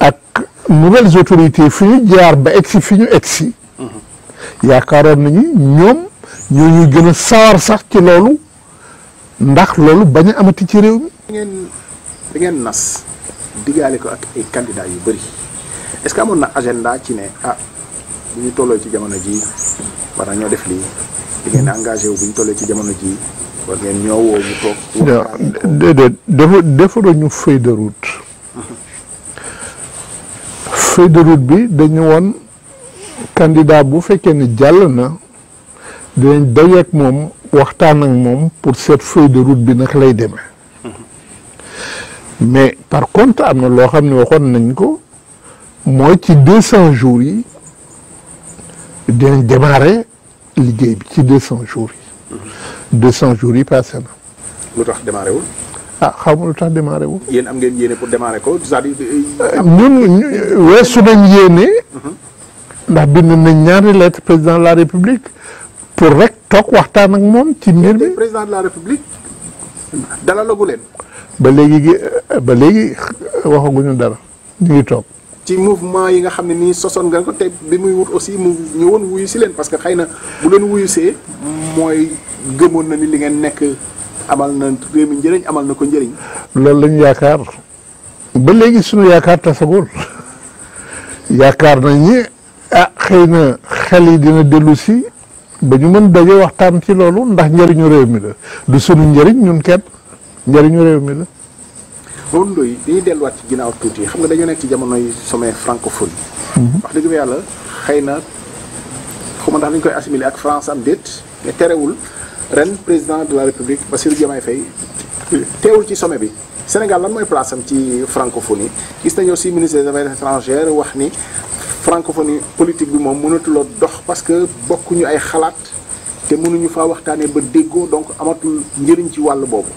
ak nouvelles autorités fi ñu jaar ba egsi fi ñu egsi yaakaaroon nañu ñoom ñoo ñuy gën a sawar sax ci loolu ndax loolu bañ a amati ci réew mi. ngeen da ngeen nas diggaale ko ak ay candidats yu bëri est-ce que amoon na agenda ci ne ah bu ñu tolloo ci jamono ji war na ñoo def lii di ngeen wu bu ñu tolloo ci jamono ji war ngeen ñoo woo ñu toog. déedéet ñu feuille de route. feuille de route bi dañu woon kandidaa bu fekkee ni jàll na dinañ dajeek moom waxtaan ak moom pour cette feuille de route bi naka lay deme mais par contre am na loo xam ne waxoon nañ ko mooy ci deux cent jours yi dinañ démarrer liggéey bi ci deux cent jours yi deux cent jours yi passé na lu tax démarré ah xaw ma lu tax démarré wu. yéen am ngeen yéene pour démarrer ko c'est-à-dire. Euh, ñun weesu nañ yéene. ndax bind nañ ñaari lettre président de la république pour rek toog waxtaan ak moom ci mbir mi. président de la leen. ba léegi ba léegi waxaguñu dara ñu ngi toog. ci mouvement yi nga xam ne nii sosoon nga ko te bi muy wut aussi mu ñëwoon wuyu si leen parce que xay na bu leen wuyu see mooy gëmoon na ni li ngeen nekk. amal na réew mi njëriñ amal na ko njëriñ. loolu lañu yaakaar ba léegi suñu yaakaar tasagul yaakaar nañ ni ah xëy na xel yi dina dellu si ba ñu mën daje waxtaan ci loolu ndax njëriñu réew mi la du sunu njëriñ ñun kenn njëriñu réew mi la. Maodo Ndoye dañuy delluwaat ci ginnaaw tuuti xam nga dañoo nekk ci jamonoy sommet francophone. Mhm. wax dëgg fa yàlla xëy na xaw ma ndax dañ koy assimilé ak France am déet mais terewul. ren président de la république Bassirou Diomaye Faye teewul ci sommet bi Sénégal lan mooy place am ci francophonie gis nañu aussi ministre des affaires étrangères wax ni francophonie politique bi moom mënatuloo dox parce que bokkuñu ay xalaat te mënuñu faa waxtaanee ba déggoo donc amatul njëriñ ci wàll boobu.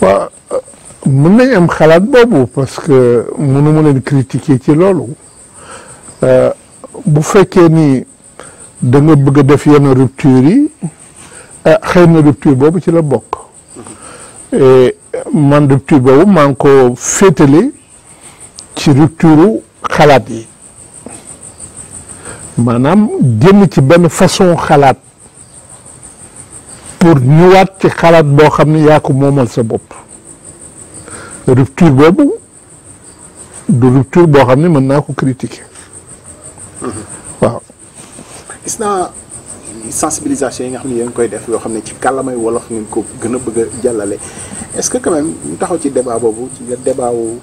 waaw nañ am xalaat boobu parce que mënu ma leen critiquer ci loolu euh, bu fekkee ni. da bëgg a def yenn rupture yi ah xëy na rupture boobu ci la bokk eh, man rupture boobu maa ngi ko féetale ci rupture xalaat yi maanaam génn ci benn façon xalaat pour ñëwaat ci xalaat boo xam ne yaa ko moomal sa bopp rupture boobu du rupture boo xam ne mën naa ko critiquer gis naa sensibilisation yi nga xam ne yéen koy def loo xam ne ci kàllamay wolof ngeen ko gën a bëgg jàllale est-ce que quand ñu taxaw ci débat boobu ci débat wu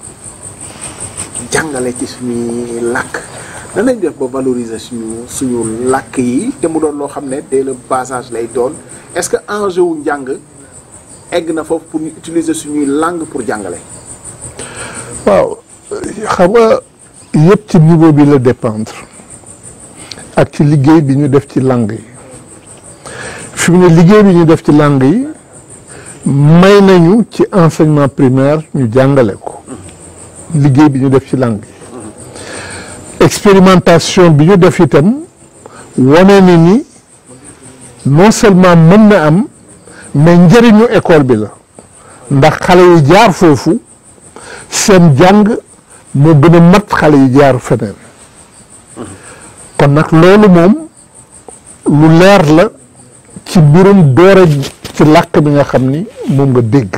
jàngale ci suñuy làkk danañ def ba valoriser suñu suñu làkk yi te mu doon loo xam ne dès le bas lay doon est-ce que enjeu wu njàng egg na foofu pour ñu utiliser suñuy làng pour jàngale. waaw xam nga yëpp ci niveau bi la dépendre. ak ci liggéey bi ñu def ci langue yi fi mu ne liggéey bi ñu def ci langue yi may nañu ci enseignement primaire ñu jàngale ko liggéey bi ñu def ci langue yi expérimentation bi ñu def itam wane ni ni non seulement mën na am mais njëriñu école bi la ndax xale yi jaar foofu seen jàng moo gën a mat xale yi jaar feneen kon nag loolu moom lu leer la ci mbirum doore ci làkk bi nga xam ni moom nga dégg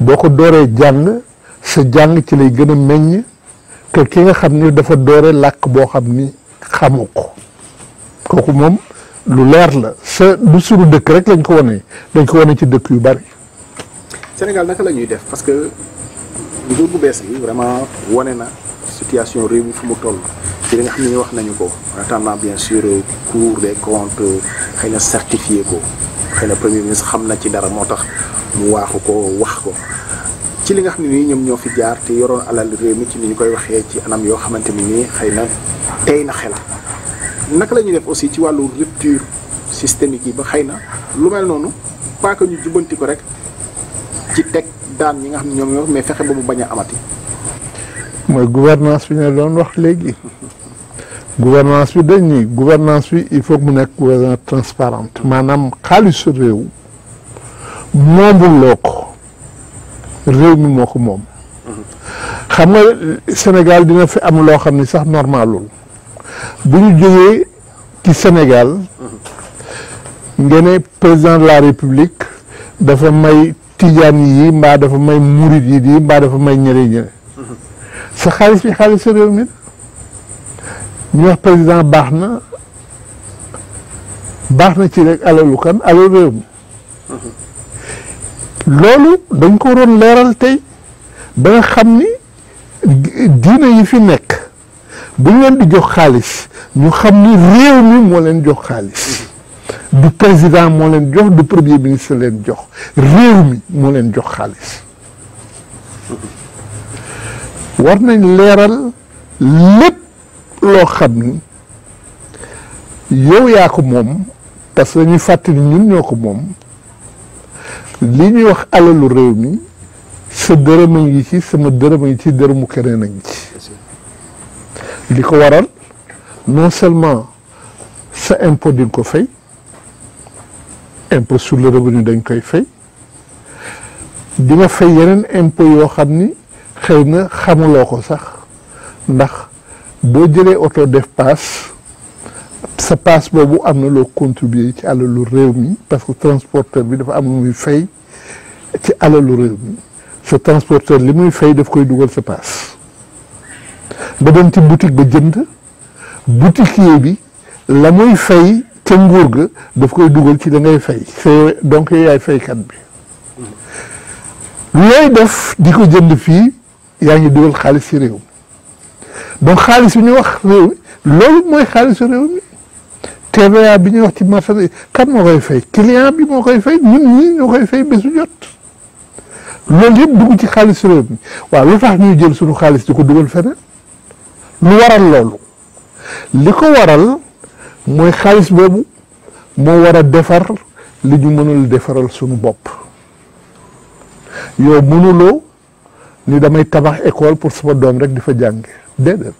boo ko dooree jàng sa jàng ci lay gën a meññ que ki nga xam ni dafa doore làkk boo xam ni xamu ko kooku moom lu leer la sa du suru dëkk rek lañ ko wane dañ ko wane ci dëkk yu bari Sénégal naka lañuy def parce que nguur bu bees gi vraiment wane na situation réew mi fu mu toll ci li nga xam ne ñu wax nañu ko en bien sûr cour des comptes xëy na certifié ko xëy na xam na ci dara moo tax mu waaxu ko wax ko ci li nga xam ne nii ñoom ñoo fi jaar te yoroon alal réew mi ci ni ñu koy waxee ci anam yoo xamante ni nii xëy na tey na xela naka la ñuy def aussi ci wàllu rupture systémique yi ba xëy na lu mel noonu pas que ñu jubbanti ko rek ci teg daan ñi nga xam ne ñoo mais fexe mu bañ a mooy gouvernance bi ñu doon wax léegi. gouvernance bi dañ ni gouvernance bi il faut mu nekk gouvernance transparente maanaam xaalisu réew moomuloo ko réew mi moo ko moom xam nga Sénégal dina fi am loo xam ni sax normalul bu ñu jógee ci Sénégal nga président de la République dafa may tiijaan yi mbaa dafa may murit yi di mbaa dafa may ñële ñële sa xaalis bi xaalis sa réew mi ñu wax président baax na baax na ci rek alalu kan alalu réew mi loolu dañ ko waroon leeral tey ba nga xam ni diina yi fi nekk bu ñu di jox xaalis ñu xam ni réew mi moo leen jox xaalis du président moo leen jox du premier ministre leen jox réew mi moo leen jox xaalis war nañ leeral lépp loo xam ni yow yaa ko moom parce que dañuy fàttali ñun ñoo ko moom li ñuy wax alalu réew mi sa dërëm a ngi ci sama dërëm a ngi ci dërëmu keneen a ngi ci li ko waral non seulement sa impôt di ko fay impôt sur le revenu dañ koy fay di nga fay yeneen impôt yoo xam ni xëy na xamuloo ko sax ndax boo jëlee oto def paas sa paas boobu am na loo contribuer ci alalu réew mi parce que transporteur bi dafa am lu muy fay ci alalu réew mi sa transporteur li muy fay daf koy dugal sa paas nga dem ci boutique ba jënd boutiquier bi la muy fay ca nguur ga daf koy dugal ci la fay c'est donc yaay faykat bi looy def di ko jënd fii yaa ngi dugal xaalis ci réew mi donc xaalis bi ñuy wax réew mi loolu bi ñuy wax ci marché kan moo koy fay client bi moo koy fay ñun ñii ñoo koy fay bésu jot loolu yëpp dugg ci xaalisu réew mi waaw lu suñu xaalis di ko dugal feneen lu waral loolu li ko waral mooy xaalis boobu moo war a defar li ñu mënul defaral suñu bopp yow mënuloo ni damay tabax ekool pour sama doom rek di fa jànge déedéet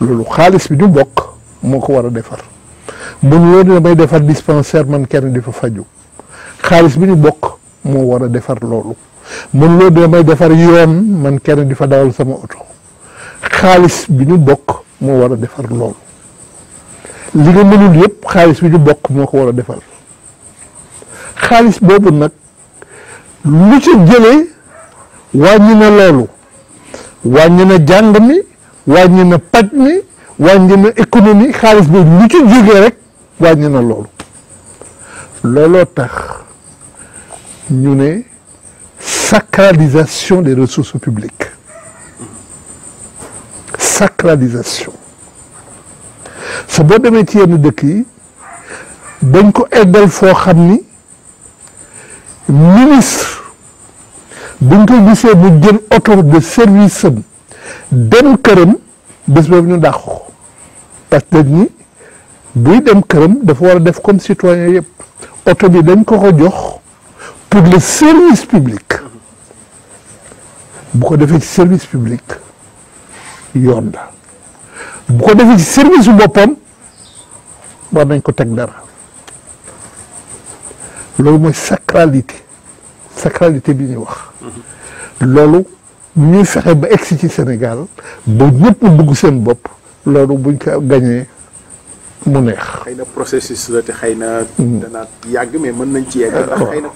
loolu xaalis bi ñu bokk moo ko war a defar mënuloo ni damay defar dispensaire man kenn di fa faju xaalis bi ñu bokk moo war a defar loolu mënuloo ni damay defar yoon man kenn di fa dawal sama oto xaalis bi ñu bokk moo war a defar loolu li nga mënul yëpp xaalis bi ñu bokk moo ko war a defal xaalis boobu nag lu ca jëlee wàññi na loolu wàññi na jàng mi wàññi na paj mi wàññi na économie xaalis bi lu ca jógee rek wàññi na loolu looloo tax ñu ne sacralisation des ressources publiques sacralisation sa boo demee ci yenn dëkk yi dañ ko eggal foo xam ni ministre buñ ko gisee mu jël auto de service am dem këram bés boobu ñu dàqu ko parce ni buy dem këram dafa war a def comme citoyen yëpp auto bi dañ ko ko jox pour le service public bu ko defee ci service public yoon bu ko defee ci service su boppam war nañ ko teg dara loolu mooy sacralité sacralité bi ñuy wax loolu ñuy fexe ba egsi ci Sénégal ba ñëpp dugg seen bopp loolu buñ ko gañee mu neex. xëy na processus la te xëy na. Mm-hmm. dana yàgg mais mën nañ ci yegg. ndax xëy na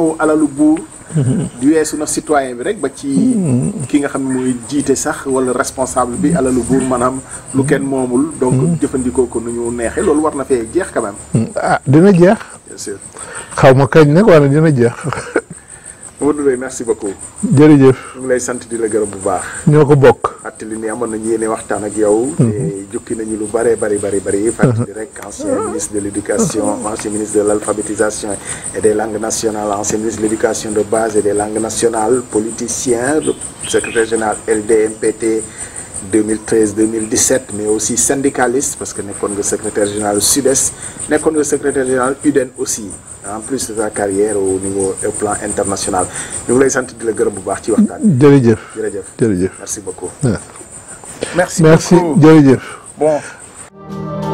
wu alalu buur. Mm-hmm. du weesu na citoyen bi rek ba ci. Mm-hmm. ki nga xam ne mooy jiite sax wala responsable bi alalu buur maanaam lu kenn moomul. donc jëfandikoo ko nu ñu neexee loolu war na fee jeex quand même. ah dina jeex. xaw ma kañ nag wala dina jeex. Mamadou Ndoye merci beaucoup. jërëjëf ñu ngi lay sant di la gërëm bu baax. ñoo ko bokk. li ni amoon nañu yéene waxtaan ak yow. Mhm. te jukki nañu lu bëree bari bari bëri. fàttali mhm. rek ancien ministre de l' éducation mhm. ministre de l' alphabétisation et des langues nationales ancien ministre de l' de base et des langues nationales politicien secrétaire général LDMPT. 2013 2017 mais aussi syndicaliste parce que nekkoon nga secrétaire général Sud-Est nekkoon nga secrétaire général UDEN aussi en plus de carrière au niveau au plan international ñu ngi lay sant di la gërëm bu baax ci waxtaan bi. jërëjëf jërëjëf jërëjëf merci beaucoup. merci beaucoup merci